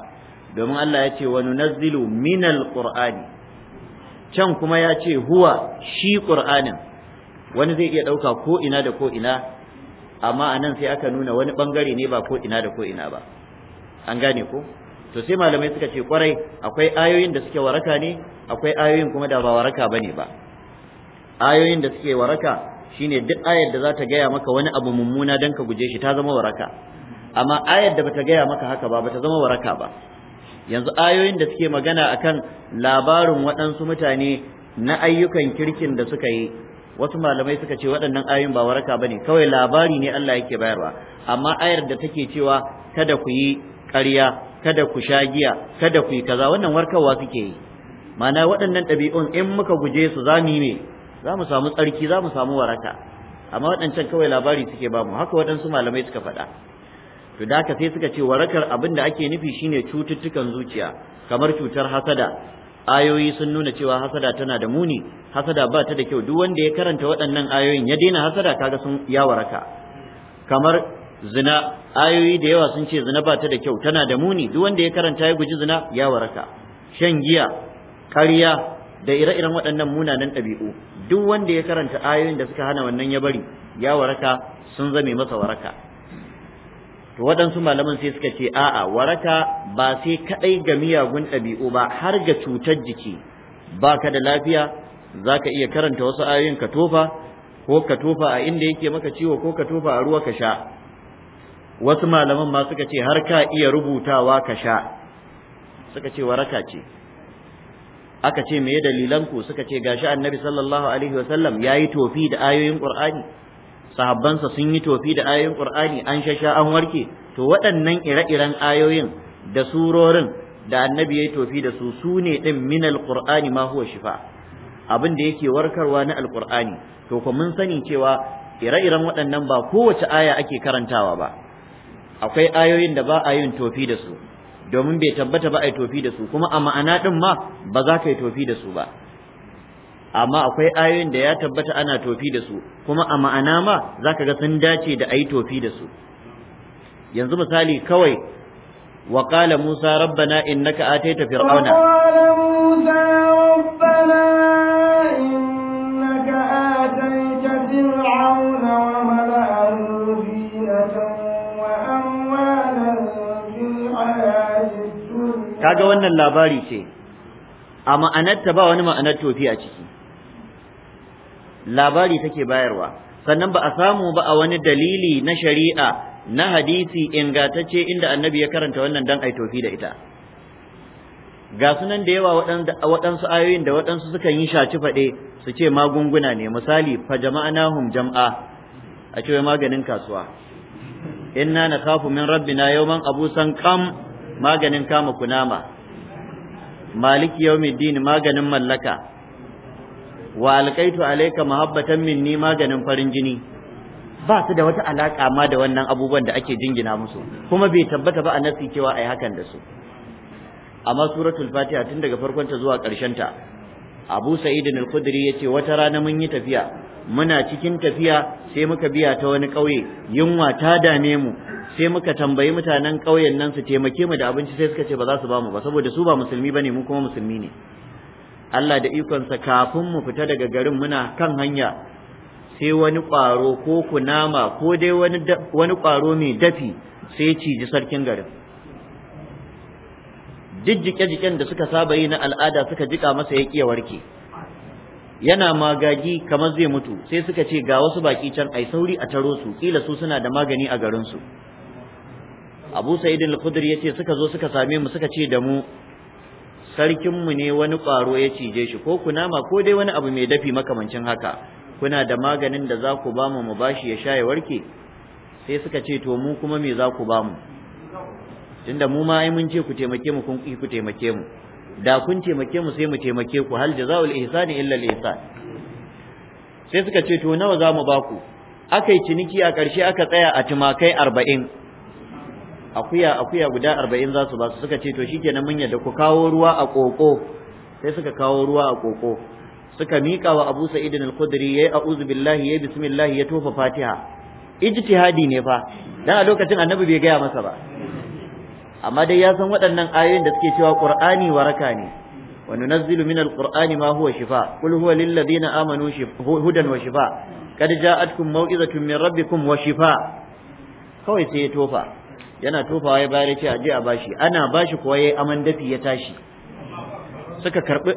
domin Allah ya ce wa nunazzilu minal ƙur'ani can kuma ya ce huwa shi ƙur'anin wani zai iya ɗauka ko ina da ko ina amma a nan sai aka nuna wani ɓangare ne ba ko ina da ko ina ba an gane ko to sai malamai suka ce kwarai akwai ayoyin da suke waraka ne akwai ayoyin kuma da ba waraka bane ba ayoyin da suke waraka shine duk ayar da za ta gaya maka wani abu mummuna dan ka guje shi ta zama waraka amma ayar da bata gaya maka haka ba bata zama waraka ba yanzu ayoyin da suke magana akan labarin waɗansu mutane na ayyukan kirkin da suka yi wasu malamai suka ce waɗannan ayoyin ba waraka bane kawai labari ne Allah yake bayarwa amma ayar da take cewa kada ku yi ƙarya kada ku sha giya kada ku yi kaza wannan warkarwa suke yi ma'ana waɗannan ɗabi'un in muka guje su za mu yi za mu samu tsarki za mu samu waraka amma waɗancan kawai labari suke bamu, haka waɗansu malamai suka faɗa to da haka sai suka ce warakar abin da ake nufi shine cututtukan zuciya kamar cutar hasada ayoyi sun nuna cewa hasada tana da muni hasada ba ta da kyau duk wanda ya karanta waɗannan ayoyin ya daina hasada kaga sun ya waraka kamar zina ayoyi da yawa sun ce zina ba ta da kyau tana da muni duk wanda ya karanta ya guji zina ya waraka shan giya ƙarya da ire-iren waɗannan munanan ɗabi'u duk wanda ya karanta ayoyin da suka hana wannan ya bari ya waraka sun zame masa waraka to waɗansu malaman sai suka ce a'a waraka ba sai kaɗai ga miyagun ɗabi'u ba har ga cutar jiki ba ka da lafiya za ka iya karanta wasu ayoyin ka tofa ko ka tofa a inda yake maka ciwo ko ka tofa a ruwa ka sha wasu malaman ma suka ce har ka iya rubutawa ka sha suka ce waraka ce aka ce meye dalilanku suka ce gashi annabi sallallahu alaihi wasallam yayi tofi da ayoyin qur'ani sahabbansa sun yi tofi da ayoyin qur'ani an shasha an warke to waɗannan ire-iren ayoyin da surorin da annabi ya yi tofi da su su ne ɗin min alqur'ani ma huwa shifa abin da yake warkarwa na Alƙur'ani, to ko mun sani cewa ire-iren waɗannan ba kowace aya ake karantawa ba akwai ayoyin da ba a yin tofi da su domin bai tabbata ba a yi tofi da su kuma a ma'ana ɗin ma ba za ka yi tofi da su ba amma akwai ayoyin da ya tabbata ana tofi da su kuma a ma'ana ma ka ga sun dace da ayi tofi da su yanzu misali kawai wa qala musa rabbana innaka ataita fir'auna qala musa rabbana innaka ataita fir'auna wa wa amwalan kaga wannan labari ce a ma'anarta ba wani ma'anar tofi a ciki labari take bayarwa sannan ba a samu ba a wani dalili na shari'a na hadisi ingatacce inda annabi ya karanta wannan dan ai tofi da ita ga sunan da yawa waɗansu ayoyin da waɗansu sukan yi shaci faɗe su ce magunguna ne misali fa jama'anahum jam'a a ce maganin kasuwa inna na kafu min rabbina yawman abusan kam maganin kama kunama maliki yawmiddin maganin mallaka wa alkaitu alayka mahabbatan minni maganin farin jini ba su da wata alaka ma da wannan abubuwan da ake jingina musu kuma bai tabbata ba a nasi cewa ai hakan da su amma suratul fatiha tun daga farkon ta zuwa ƙarshen ta abu sa'idin al-khudri yace wata rana mun yi tafiya muna cikin tafiya sai muka biya ta wani ƙauye yunwa ta dame mu sai muka tambayi mutanen ƙauyen nan su taimake mu da abinci sai suka ce ba za su ba mu ba saboda su ba musulmi bane mu kuma musulmi ne Allah da ikonsa kafin mu fita daga garin muna kan hanya sai wani ƙwaro ko kunama ko dai wani ƙwaro mai dafi sai ya ciji sarkin garin jijjike-jiken da suka saba yi na al'ada suka jika masa ya kiya warke yana magagi kamar zai mutu sai suka ce ga wasu baki can ai sauri a taro su kila su suna da magani a garinsu abu sa'idin al-khudri yace suka zo suka same mu suka ce da mu sarkinmu ne wani ƙwaro ya cije shi ko kunama ko dai wani abu mai dafi makamancin haka kuna da maganin da za ku ba mu mu bashi ya sha ya warke sai suka ce to mu kuma me za ku ba mu tunda mu ma ai mun ce ku taimake mu kun ku taimake mu da kun taimake mu sai mu taimake ku hal jazaul ihsan illa al ihsan sai suka ce to nawa za mu ba ku akai ciniki a ƙarshe aka tsaya a tumakai arba'in akuya akuya guda arba'in zasu su ba su suka ce to shi shikenan mun yadda ku kawo ruwa a koko sai suka kawo ruwa a koko suka miƙa wa Abu Sa'id al ya yi a'udhu billahi yi bismillah ya tofa Fatiha ijtihadi ne fa dan a lokacin annabi bai gaya masa ba amma dai ya san waɗannan ayoyin da suke cewa Qur'ani waraka ne wa nunazzilu minal Qur'ani ma huwa shifa qul huwa lil ladina amanu hudan wa shifa kad ja'atkum maw'izatun min rabbikum wa shifa kawai sai ya tofa yana tofawa ya bayar ce aje a bashi ana bashi kuwa yayi aman dafi ya tashi suka karbi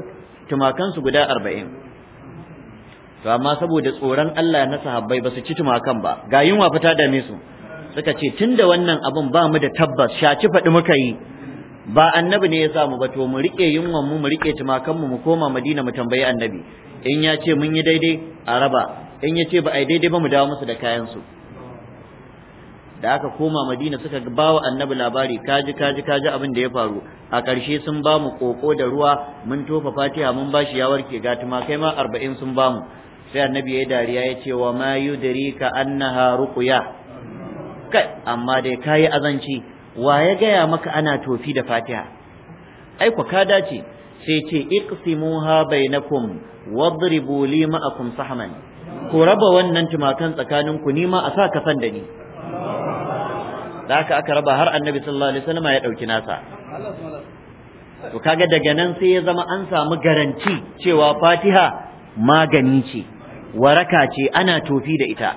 tumakansu guda arba'in to amma saboda tsoron Allah na sahabbai ba su ci tumakan ba ga yunwa fita me su suka ce tunda wannan abun ba mu da tabbas shaci faɗi muka yi ba annabi ne ya samu ba to mu rike yunwan mu mu rike tumakan mu mu koma Madina mu tambayi annabi in ya ce mun yi daidai a raba in ya ce ba a yi daidai ba mu dawo musu da kayan su da aka koma madina suka ba wa annabi labari kaji kaji kaji abin da ya faru a ƙarshe sun ba mu koko da ruwa mun tofa fatiha mun ba shi ya warke gatuma kai ma arba'in sun ba mu sai annabi ya dariya ya ce wa ma yudrika annaha ruqya kai amma dai kayi azanci wa ya gaya maka ana tofi da fatiha ai ku ka dace sai ce iqsimuha bainakum wadribu li ma'akum sahman ku raba wannan tumakan tsakaninku ni ma a sa kafan da ni da haka aka raba har annabi sallallahu alaihi wasallam ya dauki nasa to kaga daga nan sai ya zama an samu garanti cewa fatiha magani ce waraka ce ana tofi da ita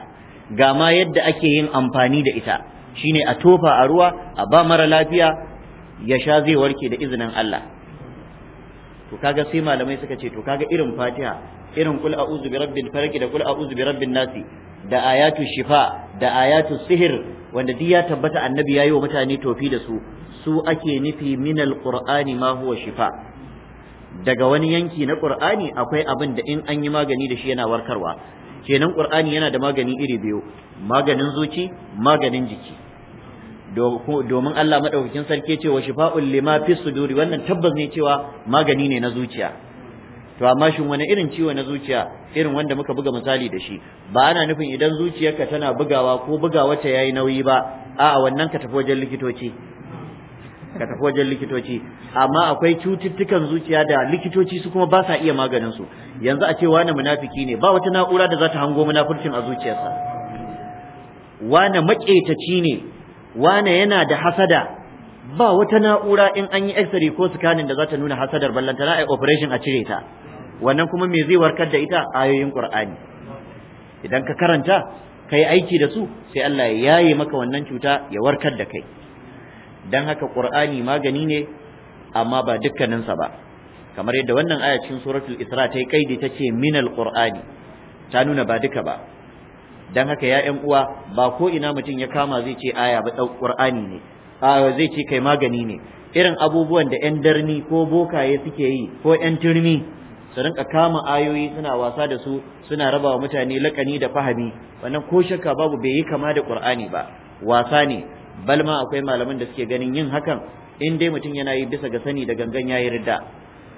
ga ma yadda ake yin amfani da ita shine a tofa a ruwa a ba mara lafiya ya sha zai warke da izinin Allah to kaga sai malamai suka ce to kaga irin fatiha irin kul a'udhu rabbil falaq da kul a'udhu rabbin nasi da ayatu shifa da ayatu sihir wanda duk ya tabbata annabi ya yi wa mutane tofi da su su ake nufi min alqur'ani ma huwa shifa daga wani yanki na qur'ani akwai abin da in an yi magani da shi yana warkarwa kenan qur'ani yana da magani iri biyu maganin zuci maganin jiki domin Allah madaukakin sarki ce wa shifa'ul lima fi suduri wannan tabbas ne cewa magani ne na zuciya to amma shin wani irin ciwo na zuciya irin wanda muka buga misali da shi ba ana nufin idan zuciyarka tana bugawa ko bugawa yayi nauyi ba a'a wannan ka tafi wajen likitoci ka tafi wajen likitoci amma akwai cututtukan zuciya da likitoci su kuma ba sa iya maganin su yanzu a ce wani munafiki ne ba wata na'ura da za ta hango munafurcin a zuciyarsa wani maƙetaci ne wani yana da hasada ba wata na'ura in an yi x-ray ko scanning da za ta nuna hasadar ballantana a operation a cire ta wannan kuma me zai warkar da ita ayoyin qur'ani idan ka karanta kai aiki da su sai Allah ya yaye maka wannan cuta ya warkar da kai dan haka qur'ani magani ne amma ba dukkaninsa ba kamar yadda wannan aya cikin suratul isra ta yi kaidi ta ce minal qur'ani ta nuna ba duka ba dan haka ya yan uwa ba ko ina mutum ya kama zai ce aya ba dau qur'ani ne zai ce kai magani ne irin abubuwan da 'yan darni ko bokaye suke yi ko 'yan turmi su rinka kama ayoyi suna wasa da su suna raba wa mutane lakani da fahimi, wannan ko shakka babu bai yi kama da qur'ani ba wasa ne bal ma akwai malaman da suke ganin yin hakan in dai mutum yana yi bisa ga sani da gangan yi ridda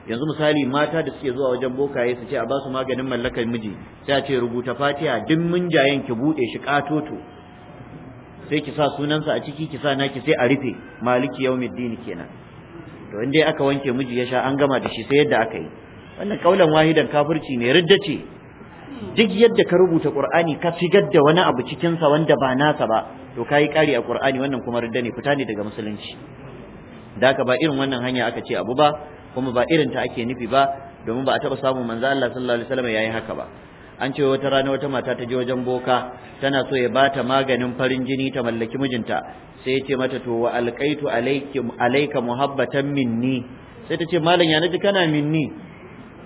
yanzu misali mata da suke zuwa wajen bokaye su ce a basu maganin mallakar miji sai a ce rubuta fatiha duk jayen ki bude shi katoto sai ki sa sunansa a ciki ki sa naki sai a rufe maliki yaumiddin kenan to in dai aka wanke miji ya sha an gama da shi sai yadda aka yi wannan kaulan wahidan kafirci ne ridda ce duk yadda ka rubuta qur'ani ka figar da wani abu cikin sa wanda ba nasa ba to kai kari a qur'ani wannan kuma ridda ne fita ne daga musulunci da ka ba irin wannan hanya aka ce abu ba kuma ba irin ta ake nufi ba domin ba a taba samun manzo Allah sallallahu alaihi wasallam yayi haka ba an ce wata rana wata mata ta je wajen boka tana so ya bata maganin farin jini ta mallaki mijinta sai ya ce mata to wa alqaitu alaykum alayka muhabbatan minni sai ta ce malam ya naji kana minni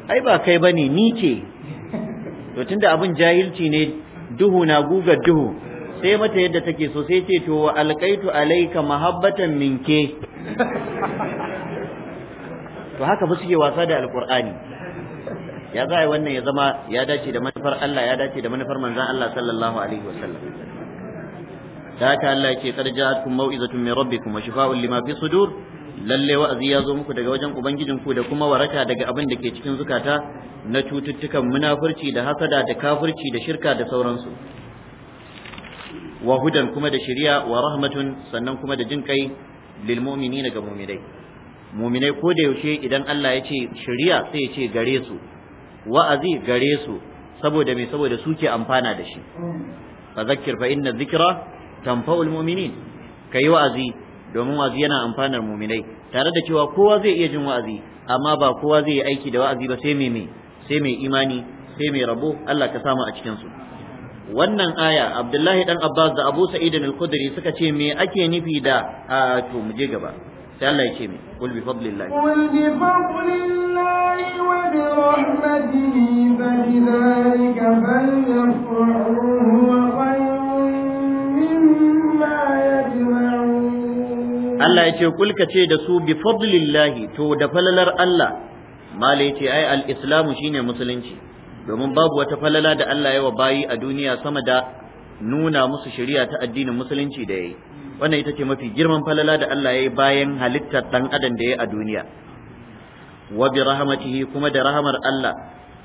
ai ba kai bane ni ce to tunda abin jahilci ne duhu na gugar duhu sai mata yadda take so sai ce to alqaitu alayka mahabbatan minke to haka ba suke wasa da alqur'ani ya za wannan ya zama ya dace da manufar Allah ya dace da manufar manzon Allah sallallahu alaihi wasallam ta ta Allah ya ce qad ja'atkum mau'izatun min rabbikum wa shifaa'un lima fi sudur lalle wa'azi ya zo muku daga wajen ubangijinku da kuma waraka daga abin da ke cikin zukata na cututtukan munafurci da hasada da kafirci da shirka da sauransu wa hudan kuma da shiriya wa rahmatun sannan kuma da jin kai lil mu'minina ga mu'minai mu'minai ko da yaushe idan Allah ya ce shiriya sai ya ce gare su wa'azi gare su saboda me saboda su ke amfana da shi fa zakkir fa inna dhikra tanfa'ul mu'minin kai wa'azi domin wa'azi yana amfanar muminai tare da cewa kowa zai iya jin wa'azi amma ba kowa zai yi aiki da wa'azi ba sai mai sai mai imani sai mai rabo Allah ka samu a cikin su wannan aya Abdullahi dan Abbas da Abu Sa'id al-Khudri suka ce me ake nufi da a to mu je gaba sai Allah ya ce me qul bi fadlillah qul bi fadlillah wa bi rahmatihi fa bi dhalika falyafrahu wa khayr Allah ya ce kulka ce da su bi fadlillahi to da falalar Allah mala yace ai al-islamu shine musulunci domin babu wata falala da Allah ya wa bayi a duniya sama da nuna musu shari'a ta addinin musulunci da yayi wannan ita ce mafi girman falala da Allah yayi bayan halittar dan adam da yayi a duniya wa bi rahmatihi kuma da rahamar Allah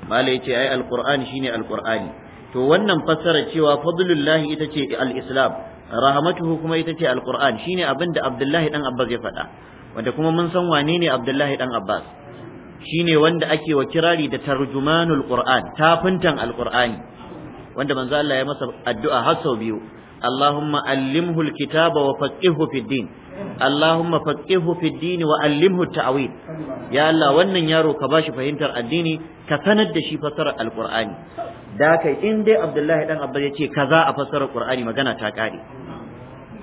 mala yace ai al-qur'ani shine al-qur'ani to wannan fassara cewa fadlullahi ita ce al-islam rahmatuhu kuma ita ce alquran shine abin da abdullahi ɗan abbas ya faɗa wanda kuma mun san wane ne abdullahi ɗan abbas ne wanda ake wa kirari da tarjumanul qur'an tafintan alqur'ani wanda manzo Allah ya masa addu'a har sau biyu Allahumma allimhu alkitaba wa faqihhu fid din wa allimhu ya Allah wannan yaro ka bashi fahimtar addini ka sanar da shi fasarar alqur'ani da kai in dai Abdullahi dan Abbas ya ce kaza a fasarar qur'ani magana ta kare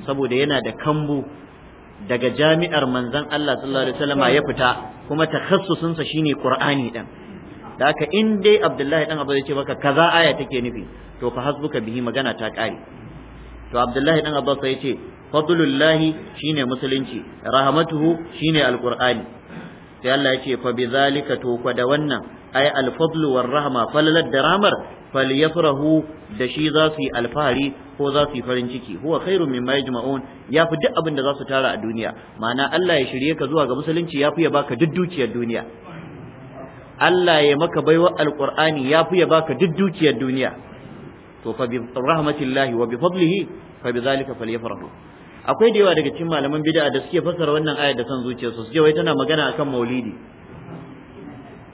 saboda yana da kambu daga jami'ar manzon Allah sallallahu alaihi wasallam ya fita kuma takhassusun sa shine Qur'ani ɗin. da haka in dai Abdullahi dan Abu ya ce kaza aya take nufi to fa hasbuka bihi magana ta kare to Abdullahi dan Abbas sai ce fadlullahi shine musulunci rahmatuhu shine alqur'ani sai Allah ya ce fa bizalika to da wannan ai alfadlu war rahma falalad da ramar falyafrahu da shi za su yi alfahari ko za su yi farin ciki huwa khairun mimma yajma'un ya fi duk abin da za su tara a duniya ma'ana Allah ya shirye ka zuwa ga musulunci ya fi ya baka duk dukiyar duniya Allah ya maka baiwa alqur'ani ya fi ya baka duk dukiyar duniya to fa bi rahmatillahi wa bi fadlihi fa bi zalika falyafrahu akwai da yawa daga cikin malaman bid'a da suke fassara wannan ayar da san zuciyarsu suke wai tana magana akan maulidi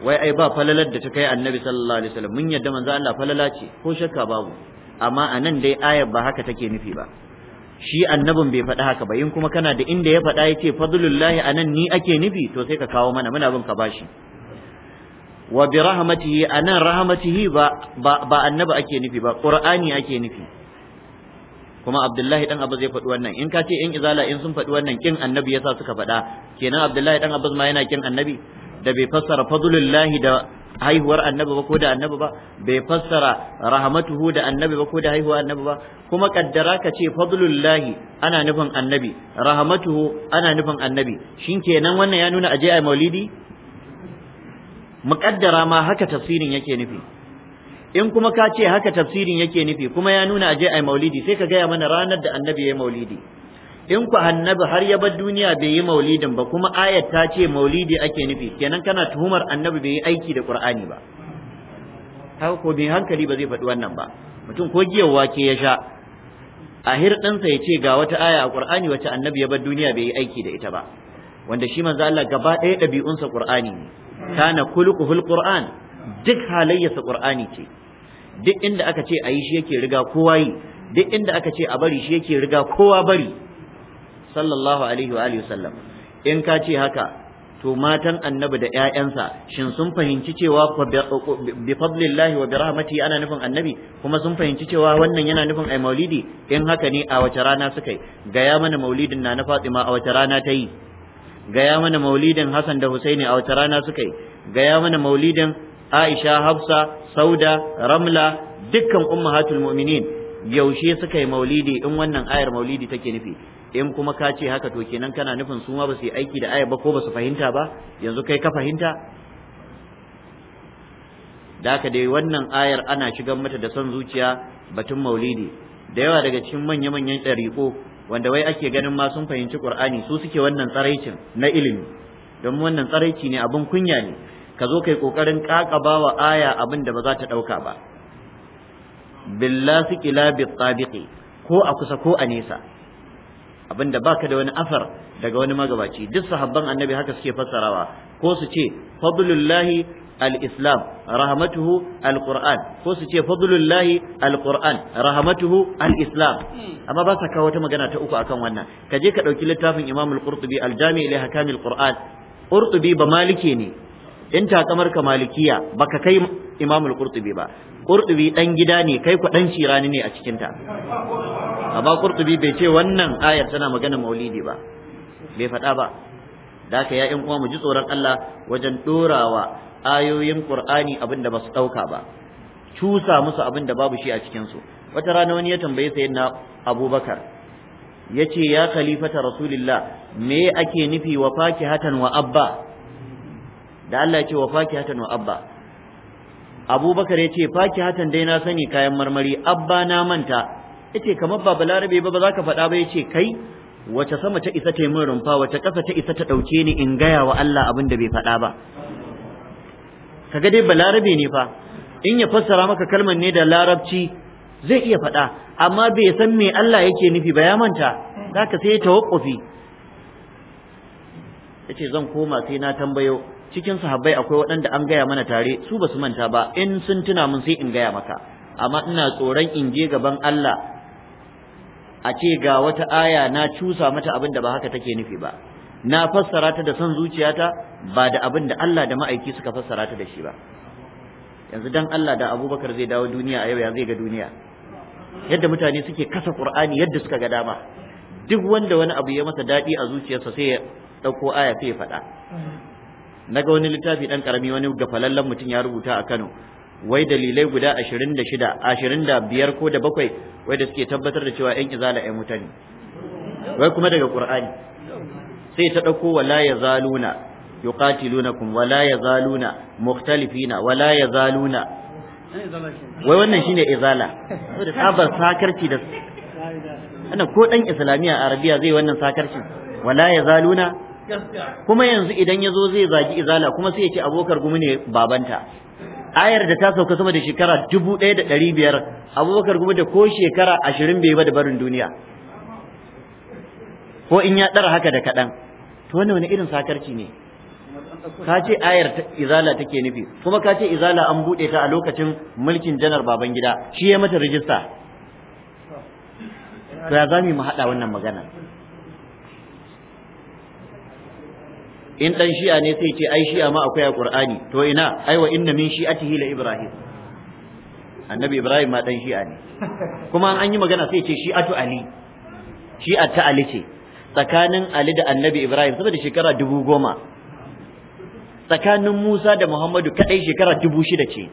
wai ai ba falalar da ta kai annabi sallallahu alaihi wasallam mun yadda manzo Allah falala ce ko shakka babu amma a nan dai ayar ba haka take nufi ba shi annabin bai faɗi haka ba in kuma kana da inda ya faɗa ya ce fadlullahi a nan ni ake nufi to sai ka kawo mana muna bin ka bashi wa bi rahmatihi a nan rahmatihi ba ba annabi ake nufi ba qur'ani ake nufi kuma abdullahi dan abbas zai faɗi wannan in ka ce in izala in sun faɗi wannan kin annabi yasa suka faɗa kenan abdullahi dan abbas ma yana kin annabi da bai fassara fadlullahi da haihuwar annabi ba ko da annabi ba bai fassara rahmatuhu da annabi ba ko da haihuwar annabi ba kuma kaddara ka ce fadlullahi ana nufin annabi rahmatuhu ana nufin annabi shin kenan wannan ya nuna aje ai maulidi muqaddara ma haka tafsirin yake nufi in kuma ka ce haka tafsirin yake nufi kuma ya nuna aje ai maulidi sai ka gaya mana ranar da annabi ya maulidi in ku annabi har ya bar duniya bai yi maulidin ba kuma ayat ta ce maulidi ake nufi kenan kana tuhumar annabi bai yi aiki da qur'ani ba ko bai hankali ba zai faɗi wannan ba mutum ko giyar ke ya sha a hirɗinsa ya ce ga wata aya a qur'ani wacce annabi ya bar duniya bai yi aiki da ita ba wanda shi manzo Allah gaba ɗaya ɗabi'unsa qur'ani ne kana kulquhul qur'an duk halayyarsa qur'ani ce duk inda aka ce ayi shi yake riga kowa yi duk inda aka ce a bari shi yake riga kowa bari sallallahu alaihi wa sallam in ka ce haka to matan annabi da ƴaƴansa shin sun fahimci cewa bi fadlillahi wa bi rahmatihi ana nufin annabi kuma sun fahimci cewa wannan yana nufin ai maulidi in haka ne a wace rana suka yi gaya mana maulidin na na Fatima a wace rana ta yi gaya mana maulidin Hassan da Husaini a wace rana suka yi gaya mana maulidin Aisha Hafsa Sauda Ramla dukkan ummahatul mu'minin yaushe suka yi maulidi in wannan ayar maulidi take nufi in kuma ka ce haka to kenan kana nufin su ma ba su yi aiki da aya ba ko ba su fahimta ba yanzu kai ka fahimta da haka dai wannan ayar ana shigar mata da son zuciya batun maulidi da yawa daga cikin manya-manyan ɗariƙo wanda wai ake ganin ma sun fahimci ƙur'ani su suke wannan tsaraicin na ilimi don wannan tsaraici ne abin kunya ne ka zo kai ƙoƙarin ƙaƙaba wa aya abin da ba za ta ɗauka ba billa ƙila bi ko a kusa ko a nesa abinda baka da wani asar daga wani magabaci duk sahabban annabi haka suke fassarawa ko su ce fadlullahi al-islam rahmatuhu al-qur'an ko su ce fadlullahi al-qur'an rahmatuhu al-islam hmm. amma ba sa kawo wata magana ta uku akan wannan ka je ka dauki littafin Imam al-Qurtubi al-Jami' li Qur'an Qurtubi ba maliki ne in kamar ka malikiya baka kai Imam al-Qurtubi ba Qurtubi dan gida ne kai ku dan shirani ne a cikin ta amma qurtubi bai ce wannan ayar tana magana maulidi ba bai faɗa ba daka ya ya kuma mu ji tsoron Allah wajen dorawa ayoyin Qur'ani abin da ba su ɗauka ba cusa musu abin da babu shi a cikin su wata rana wani ya tambaye sayyidina Abubakar yace ya khalifata rasulillah me ake nufi wa fakihatan wa abba da Allah ya ce wa fakihatan wa abba abubakar ya ce fakihatan dai na sani kayan marmari abba na manta yace kamar ba balarabe ba ba za ka faɗa ba yace kai wace sama ta isa ta yi min rumfa wace ƙasa ta isa ta ɗauke ni in gaya wa Allah abin da bai faɗa ba Ka ga dai balarabe ne fa in ya fassara maka kalmar ne da larabci zai iya faɗa amma bai san me Allah yake nufi ba ya manta zaka sai tawaqqufi yace zan koma sai na tambayo cikin sahabbai akwai waɗanda an gaya mana tare su basu manta ba in sun tuna mun sai in gaya maka amma ina tsoron in je gaban Allah a ce ga wata aya na cusa mata abin da ba haka take nufi ba na fassara ta da son zuciyata ba da abin da Allah da ma'aiki suka fassara ta da shi ba yanzu dan Allah da Abubakar zai dawo duniya a yau ya zai ga duniya yadda mutane suke kasa Qur'ani yadda suka ga dama duk wanda wani abu ya masa dadi a zuciyarsa sai ya dauko aya sai ya faɗa mm. naga wani littafi dan karami wani gafalallen mutum ya rubuta a Kano wai dalilai guda 26 25 ko da bakwai wai da suke tabbatar da cewa yan izala ya mutane? ne wai kuma daga qur'ani sai ta dauko wala yazaluna yuqatilunakum wala yazaluna mukhtalifina wala yazaluna wai wannan shine izala saboda tsabar sakarci da ana ko dan islamiya arabiya zai wannan sakarci wala yazaluna kuma yanzu idan yazo zai zagi izala kuma sai ya ce abokar gumi ne babanta ayar da ta sauka sama da shekara dubu ɗaya da ɗari biyar abubakar kuma da ko shekara ashirin bai ba da barin duniya ko in ya ɗara haka da kaɗan to wannan wani irin sakarci ne ka ce ayar izala take nufi kuma ka ce izala an buɗe ta a lokacin mulkin janar babangida shi ya mata rijista to ya za mu haɗa wannan magana in dan shi'a ne sai ce ai shi'a ma akwai a qur'ani to ina ai wa inna min shi'atihi la ibrahim annabi ibrahim ma dan shi'a ne kuma an yi magana sai ce shi'atu ali shi'a ta ali ce tsakanin ali da annabi ibrahim saboda shekara dubu goma tsakanin musa da muhammadu kadai shekara dubu shida ce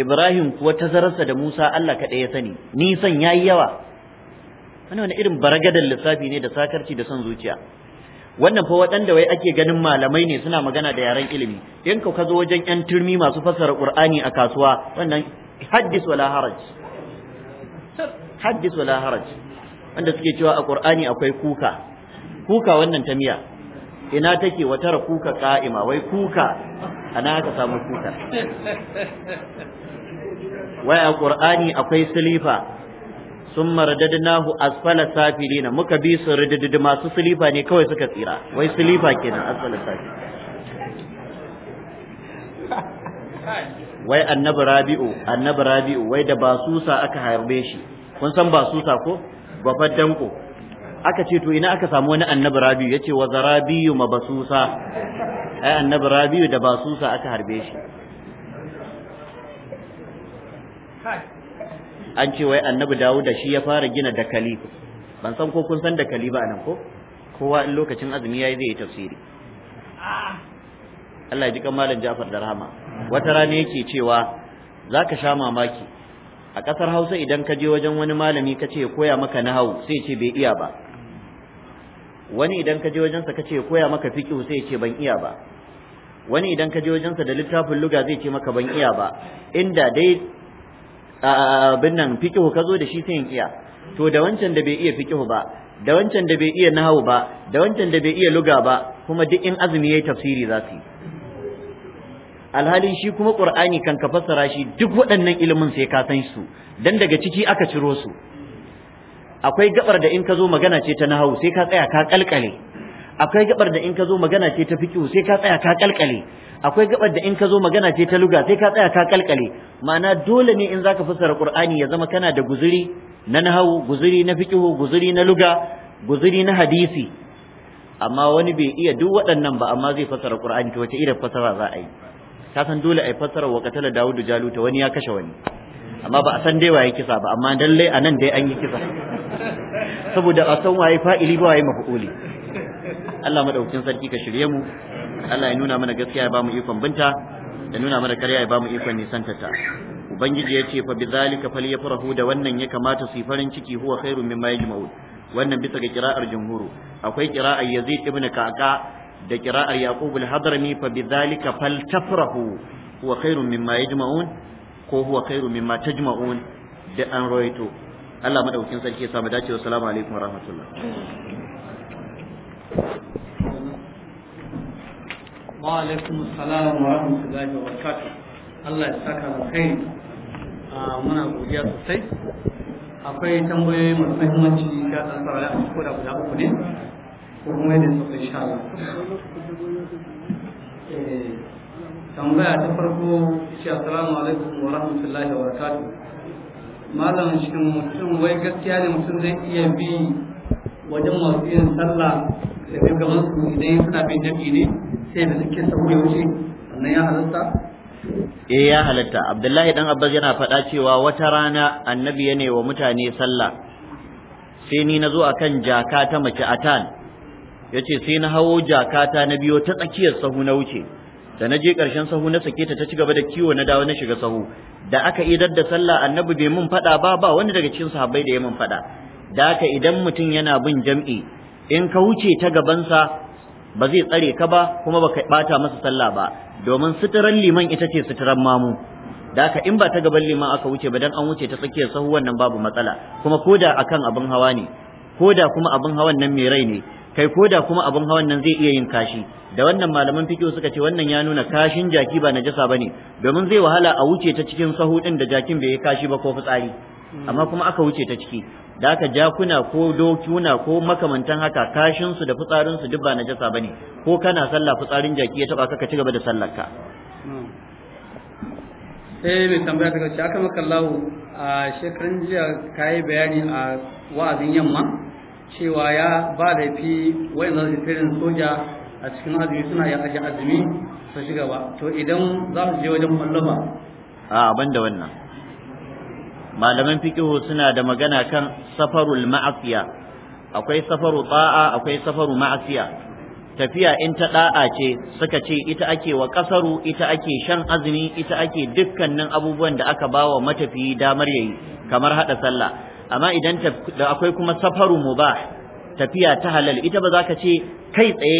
ibrahim kuwa tazararsa da musa allah kadai ya sani nisan yayi yawa wani wani irin baragadan lissafi ne da sakarci da son zuciya wannan fa waɗanda wai ake ganin malamai ne suna magana da yaren ilimi in ka zo wajen yan turmi masu fassara qur'ani a kasuwa wannan haddis wala haraj haddis wala haraj wanda suke cewa a qur'ani akwai kuka kuka wannan ta miya ina take wata kuka ka'ima wai kuka ana aka samu kuka wai a qur'ani akwai silifa sun maradadnahu asfala safilina muka bi su radadadi masu silifa ne kawai suka tsira wai silifa kenan asfala safi. wai annabi rabi'u annabi rabi'u wai da basusa aka harbe shi kun san basusa ko gwafar danko aka ce to ina aka samu wani annabi rabi'u yace wa zarabiyu basusa, ai annabi rabi'u da basusa aka harbe shi an ce wai annabi dawuda shi ya fara gina dakali ban san ko kun san dakali ba anan ko kowa in lokacin azumi yayi zai yi tafsiri Allah ya ji kan malam Ja'far da rahama wata rana yake cewa zaka sha mamaki a kasar Hausa idan ka je wajen wani malami ka ce ya koya maka nahawu sai ce bai iya ba wani idan ka je wajensa ka ce ya koya maka fiqh sai ce ban iya ba wani idan ka je wajensa da littafin luga zai ce maka ban iya ba inda dai abin nan fikihu ka zo da shi sai iya to da wancan da bai iya fikihu ba da wancan da bai iya nahawu ba da wancan da bai iya luga ba kuma duk in azumi yayi tafsiri za su yi alhali shi kuma qur'ani kan ka fassara shi duk waɗannan ilimin sai ka san su dan daga ciki aka ciro su akwai gabar da in ka zo magana ce ta nahawu sai ka tsaya ka kalkale akwai gabar da in ka zo magana ce ta fiqh sai ka tsaya ka kalkale akwai gabar da in ka zo magana ce ta luga sai ka tsaya ka kalkale ma'ana dole ne in zaka fassara qur'ani ya zama kana da guzuri na nahawu guzuri na fiqh guzuri na luga guzuri na hadisi amma wani bai iya duk waɗannan ba amma zai fassara qur'ani to wace irin fassara za a yi ka san dole a yi fassara wa katala dawudu jaluta wani ya kashe wani amma ba a san dai waye kisa ba amma dalle anan dai an yi kisa saboda a san waye fa'ili ba waye mafuuli Allah madaukakin sarki ka shirye mu Allah ya nuna mana gaskiya ya ba mu ikon binta ya nuna mana karya ya ba mu ikon ta. ubangiji ya ce fa bizalika falyafrahu da wannan ya kamata su farin ciki huwa khairum mimma yajma'un wannan bisa ga kira'ar jumhuru akwai kira'ar Yazid ibn Ka'ka da kira'ar Yaqub al-Hadrami fa bizalika faltafrahu huwa khairum mimma yajma'un ko huwa khairum mimma tajma'un da an roito Allah madaukin sarki ya samu dacewa assalamu alaikum wa rahmatullah." wa alaikum assalam wa rahmatullahi wa barakatuh Allah ya saka da kai a ah, muna godiya sosai akwai tambayoyi masu muhimmanci ga dan sarara a cikin guda uku ne ko kuma yadda suka insha Allah eh, tambaya ta farko ce assalamu alaikum wa rahmatullahi wa barakatuh malam shi mutum wai gaskiya ne mutum zai iya bi wajen masu yin sallah da gaban su idan suna bin jami'i ne sai da suke sahu ya wuce wannan ya halatta eh ya halatta abdullahi dan abbas yana faɗa cewa wata rana annabi ya ne wa mutane sallah sai ni na zo akan jaka ta mace atan yace sai na hawo jaka ta na biyo ta tsakiyar sahu na wuce da na je ƙarshen sahu na sake ta ta ci gaba da kiwo na dawo na shiga sahu da aka idar da sallah annabi bai mun faɗa ba ba wani daga cikin sahabbai da ya mun faɗa da haka idan mutum yana bin jam'i in ka wuce ta gabansa ba zai tsare ka ba kuma baka bata masa sallah ba domin suturan liman ita ce suturan mamu da haka in ba ta gaban liman aka wuce ba dan an wuce ta tsakiyar sahu wannan babu matsala kuma koda akan abin hawa ne koda kuma abin hawan nan mai rai ne kai koda kuma abin hawan nan zai iya yin kashi da wannan malaman fikihu suka ce wannan ya nuna kashin jaki ba najasa bane domin zai wahala a wuce ta cikin sahu din da jakin bai yi kashi ba ko fitsari amma kuma aka wuce ta ciki da aka jakuna ko dokuna ko makamantan haka kashin su da fitsarin su dubba ba najasa bane ko kana sallah fitsarin jaki ya taba ka ci gaba da sallar ka eh mai tambaya ta shi aka maka Allah a shekarun jiya kai bayani a wa'azin yamma cewa ya ba da fi wayannan sirrin soja a cikin azumi suna ya ashe azumi su shiga ba to idan za su je wajen mallaba a ban da wannan malaman fikihu suna da magana kan safarul ma'asiya akwai safaru ta'a akwai safaru ma'asiya tafiya in ta da'a ce suka ce ita ake wa kasaru ita ake shan azumi ita ake dukkanin abubuwan da aka bawa matafiyi damar yayi kamar hada sallah amma idan da akwai kuma safaru mubah tafiya ta halal ita ba za ka ce kai tsaye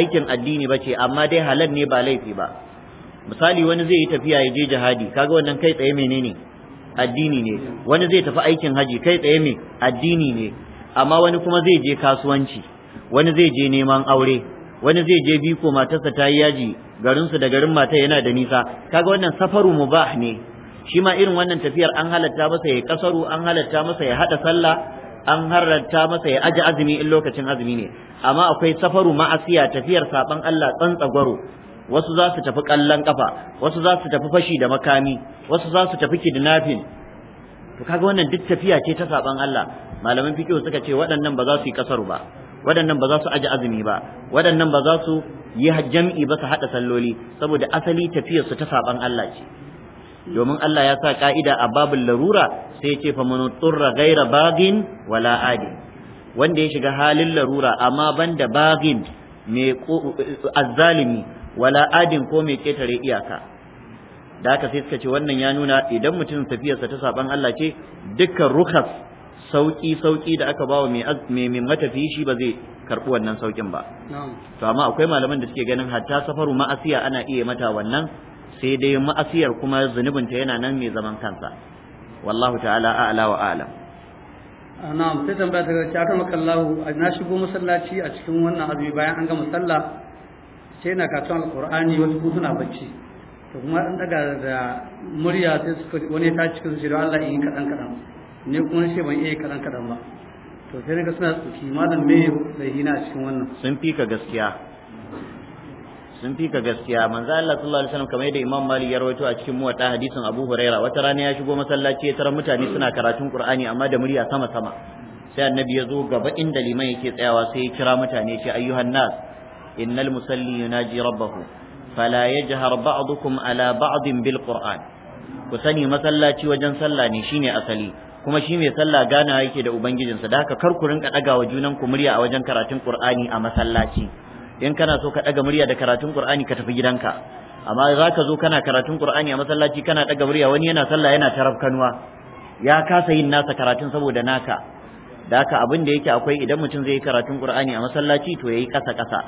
aikin addini ba ce amma dai halal ne ba laifi ba misali wani zai yi tafiya ya je jihadi kaga wannan kai tsaye menene addini ne wani zai tafi aikin haji kai tsaye mai addini ne amma wani kuma zai je kasuwanci wani zai je neman aure wani zai je biko matarsa ta yi yaji garinsu da garin mata yana da nisa kaga wannan safaru mubah ne shi ma irin wannan tafiyar an halatta masa ya kasaru an halatta masa ya hada sallah an halatta masa ya aji azumi in lokacin azumi ne amma akwai safaru ma'asiya tafiyar saban Allah tsantsagwaro wasu za su tafi kallon kafa wasu za su tafi fashi da makami wasu za su tafi kidnapping to kaga wannan duk tafiya ce ta saban Allah malaman fiqh suka ce waɗannan ba za su yi kasar ba waɗannan ba za su aji azumi ba waɗannan ba za su yi jam'i ba su haɗa salloli saboda asali tafiyar su ta saban Allah ce domin Allah ya sa ka'ida a babul larura sai ya ce fa man turra ghaira bagin wala adi wanda ya shiga halin larura amma banda bagin mai azzalimi wala adin ko mai ketare iyaka da aka sai suka ce wannan ya nuna idan mutum tafiyarsa ta saban Allah ce dukkan rukas sauki sauki da aka bawa mai mai matafi shi ba zai karbi wannan saukin ba to amma akwai malaman da suke ganin hatta safaru ma'asiya ana iya mata wannan sai dai ma'asiyar kuma ta yana nan mai zaman kansa wallahu ta'ala a'la wa a'lam ah, na'am sai tambaya ta ga ta kallahu na shigo masallaci a cikin wannan azumi bayan an gama sallah sai na katon alkur'ani wasu kuma suna bacci to kuma an daga da murya sai suka wani ta cikin su Allah in kadan kadan ne kuma shi ban iya kadan kadan ba to sai naga suna tsuki malam me da hina cikin wannan sun fika gaskiya sun fika gaskiya manzo Allah sallallahu alaihi wasallam kamar yadda Imam Malik ya rawaito a cikin muwatta hadisin Abu Huraira wata rana ya shigo masallaci ya tarar mutane suna karatun Qur'ani amma da murya sama sama sai annabi ya zo gaba inda liman yake tsayawa sai ya kira mutane shi ayyuhan nas innal musalli yunaji rabbahu fala jihar ba'dukum ala ba'din bil qur'an ku sani masallaci wajen sallah ne ne asali kuma shi mai sallah gana yake da ubangijinsa da haka kar ku rinka daga wa junan ku murya a wajen karatun qur'ani a masallaci in kana so ka daga murya da karatun qur'ani ka tafi gidanka amma zaka ka zo kana karatun qur'ani a masallaci kana daga murya wani yana sallah yana tarafkanuwa ya kasa yin nasa karatun saboda naka da haka abin da yake akwai idan mutum zai yi karatun qur'ani a masallaci to yayi kasa kasa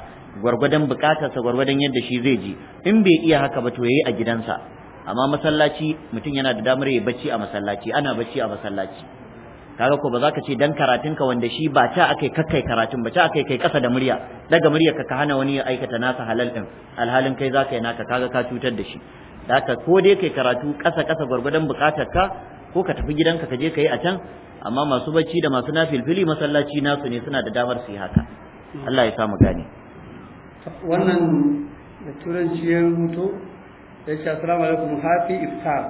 gwargwadon bukatarsa gwargwadon yadda shi zai ji in bai iya haka ba to yayi a gidansa amma masallaci mutum yana da damar yi bacci a masallaci ana bacci a masallaci kaga ko ba za ka ce dan karatun ka wanda shi ba ta akai kakkai karatun ba ta akai kai kasa da murya daga murya ka ka hana wani ya aikata nasa halal din alhalin kai zaka yi naka kaga ka cutar da shi da haka ko dai kai karatu kasa kasa gwargwadon bukatarka ko ka tafi gidanka ka je ka yi a can amma masu bacci da masu nafilfili masallaci nasu ne suna da damar su yi haka Allah ya samu gane wannan da turanci ya rubuto ya ce assalamu alaikum happy iftar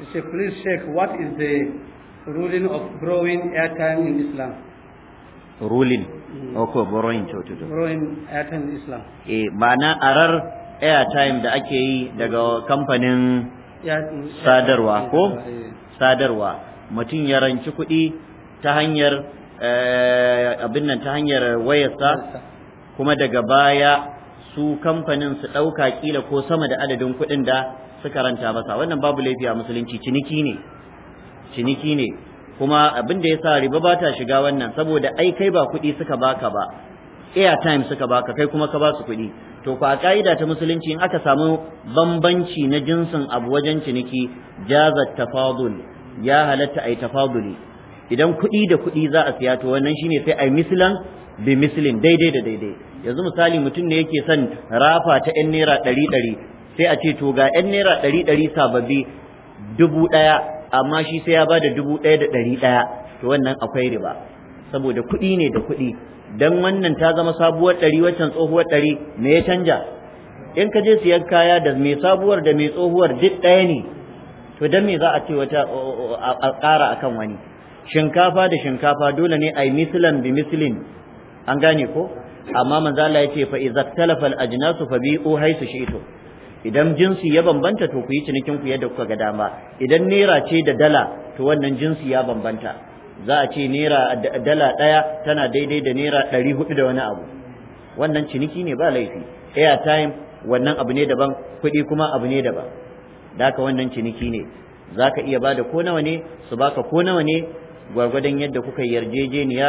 ya ce please check what is the ruling of growing airtime in Islam ruling mm. okay oh, borrowing to to borrowing airtime in Islam eh ma'ana arar airtime da ake yi daga kamfanin sadarwa ko sadarwa mutum ya ranci kuɗi ta hanyar eh, abin nan ta hanyar wayarsa kuma daga baya su kamfanin su ɗauka ƙila ko sama da adadin kuɗin da suka ranta masa wannan babu laifi a musulunci ciniki ne ciniki ne kuma abin da ya sa riba ba ta shiga wannan saboda ai kai ba kuɗi suka baka ba airtime suka baka kai kuma ka ba su kuɗi to ku a ka'ida ta musulunci in aka samu bambanci na jinsin abu wajen ciniki jaza tafadul ya halatta a yi tafaduli idan kuɗi da kuɗi za a siya to wannan shine sai a yi mislan bi mislin daidai da daidai yanzu misali mutum ne yake son rafa ta yan naira ɗari ɗari sai a ce to ga yan naira ɗari ɗari sababbi dubu ɗaya amma shi sai ya bada dubu ɗaya da ɗari ɗaya to wannan akwai riba saboda kuɗi ne da kuɗi dan wannan ta zama sabuwar ɗari waccan tsohuwar ɗari me ya canja in ka je siyan kaya da mai sabuwar da mai tsohuwar duk ɗaya ne to dan me za a ce wata a akan wani shinkafa da shinkafa dole ne ai mislan bi mislin an gane ko amma manzo Allah ya ce fa iza talafa al ajnasu fa bi'u haythu shi'tu idan jinsi ya bambanta to ku yi cinikin ku yadda kuka ga dama idan naira ce da dala to wannan jinsi ya bambanta za a ce naira dala daya tana daidai da naira 400 da wani abu wannan ciniki ne ba laifi airtime wannan abu ne daban kuɗi kuma abu ne daban da haka wannan ciniki ne za ka iya ba da ko nawa ne su ba ka ko nawa ne gwargwadon yadda kuka yarjejeniya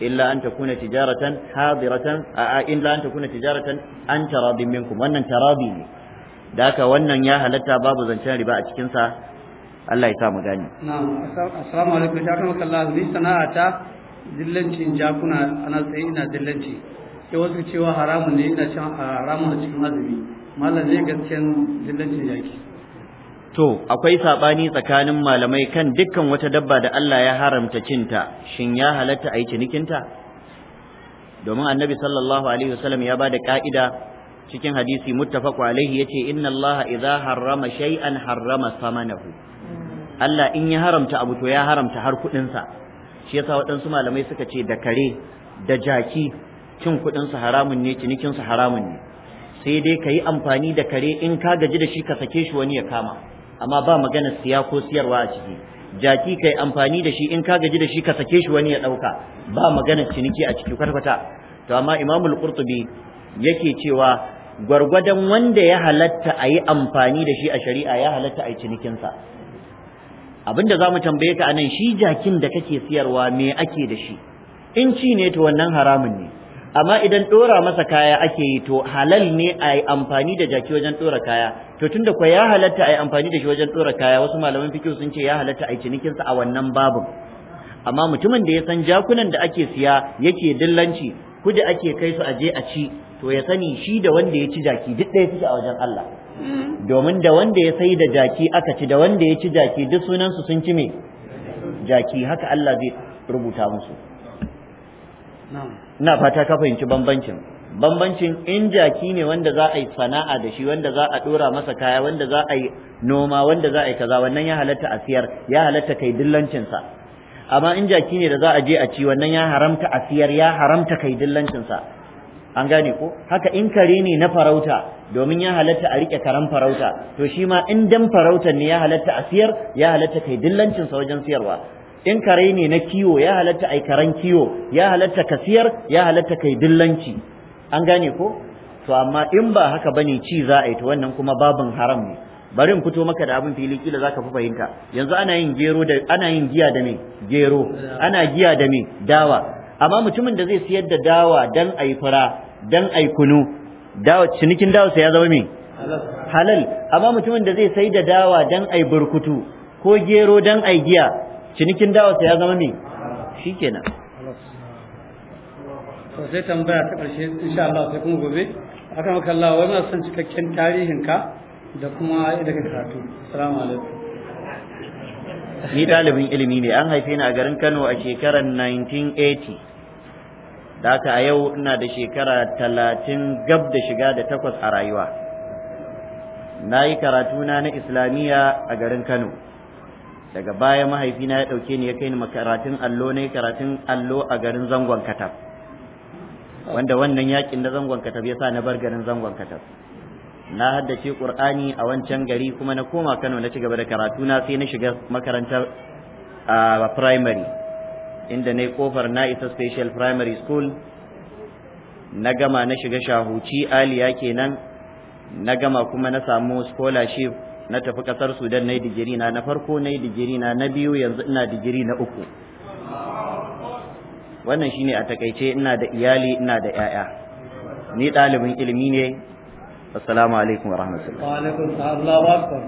illa an takuna tijaratan hadiratan a illa an takuna tijaratan an taradin minkum wannan tarabi ne da haka wannan ya halatta babu zancen riba a cikin sa Allah ya sa mu gani na'am assalamu alaikum ta kuma kallah ni sana'a ta dillanci jakuna ana tsaye ina dillanci ke wasu cewa haramun ne ina cin haramun a cikin azumi mallan ne gaskiyan dillancin jaki to akwai sabani tsakanin malamai kan dukkan wata dabba da Allah ya haramta cinta shin ya halatta a yi cinikinta domin annabi sallallahu alaihi wasallam ya bada ka'ida cikin hadisi muttafaqu alaihi yace inna Allah idza harrama shay'an harrama samanahu Allah in ya haramta abu to ya haramta har kudin sa shi yasa waɗansu malamai suka ce da kare da jaki cin kudin su haramun ne cinikin su haramun ne sai dai ka amfani da kare in ka gaji da shi ka sake shi wani ya kama amma ba magana siya ko siyarwa a ciki jaki kai amfani da shi in ka gaji da shi ka sake shi wani ya dauka ba magana ciniki a ciki kwatkwata to amma imamul qurtubi yake cewa gwargwadon wanda ya halatta a yi amfani da shi a shari'a ya halatta a yi cinikinsa abinda za mu tambaye ka anan shi jakin da kake siyarwa me ake da shi in ci ne to wannan haramun ne amma idan dora masa kaya ake yi to halal ne a yi amfani da jaki wajen dora kaya to da kwa ya halatta a yi amfani da shi wajen dora kaya wasu malaman fikihu sun ce ya halatta a yi cinikinsa a wannan babin amma mutumin da ya san jakunan da ake siya yake dillanci kudi ake kai su aje a ci to ya sani shi da wanda ya ci jaki duk ɗaya suke a wajen Allah domin da wanda ya sai da jaki aka ci da wanda ya ci jaki duk sunansu sun ci me jaki haka Allah zai rubuta musu na'am ina fata ka fahimci bambancin bambancin in jaki ne wanda za a yi sana'a da shi wanda za a dora masa kaya wanda za a yi noma wanda za a yi kaza wannan ya halatta a siyar ya halatta kai dillancin sa amma in jaki ne da za a je a ci wannan ya haramta a siyar ya haramta kai dillancin sa an gane ko haka in kare ne na farauta domin ya halatta a rike karan farauta to shi ma in dan farautar ne ya halatta a siyar ya halatta kai dillancin sa wajen siyarwa in kare ne na kiwo ya halatta ai karen kiwo ya halatta kasiyar, ya halatta kai dillanci an gane ko to amma in ba haka bane ci za a yi to wannan kuma babin haram ne bari in fito maka da abin fili kila zaka fi fahimta yanzu ana yin gero da ana yin giya da me gero ana giya da me dawa amma mutumin da zai siyar da dawa dan ai fura dan ai kunu dawa cinikin dawa sai ya zama me halal amma mutumin da zai sai da dawa dan ai burkutu ko gero dan ai giya cinikin dawarsa ya zama me shikenan to sai tambaya ta karshe insha Allah sai kuma gobe akan maka Allah wai muna son cikakken tarihin ka da kuma ka karatu assalamu alaikum ni dalibin ilimi ne an haife ni a garin Kano a shekarar 1980 da haka a yau ina da shekara 30 gab da shiga da takwas a rayuwa na yi na na islamiyya a garin Kano daga baya mahaifina ya ɗauke ni ya kai ni karatun allo ne karatun allo a garin zangon katab wanda wannan yakin na zangon katab ya sa na bar garin zangon katab na haddace qur'ani a wancan gari kuma na koma kano na cigaba da karatu na sai na shiga makarantar a primary inda na kofar na isa special primary school na gama na shiga shahuci aliya kenan na gama kuma na samu scholarship na tafi kasar Sudan na yi digiri na na farko na yi digiri na na biyu yanzu ina digiri na uku wannan shine a takaice ina da iyali ina da 'ya'ya ni ɗalibin ilimi ne assalamu alaikum wa rahmatullahi wa alaikum salam wa akbar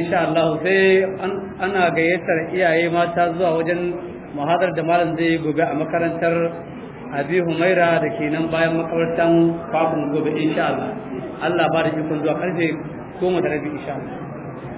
insha Allah sai ana gayyatar iyaye mata zuwa wajen muhadar da malam zai gobe a makarantar abi humaira da ke nan bayan makarantar kafin gobe insha Allah Allah ba da ikon zuwa karfe goma da rabi insha Allah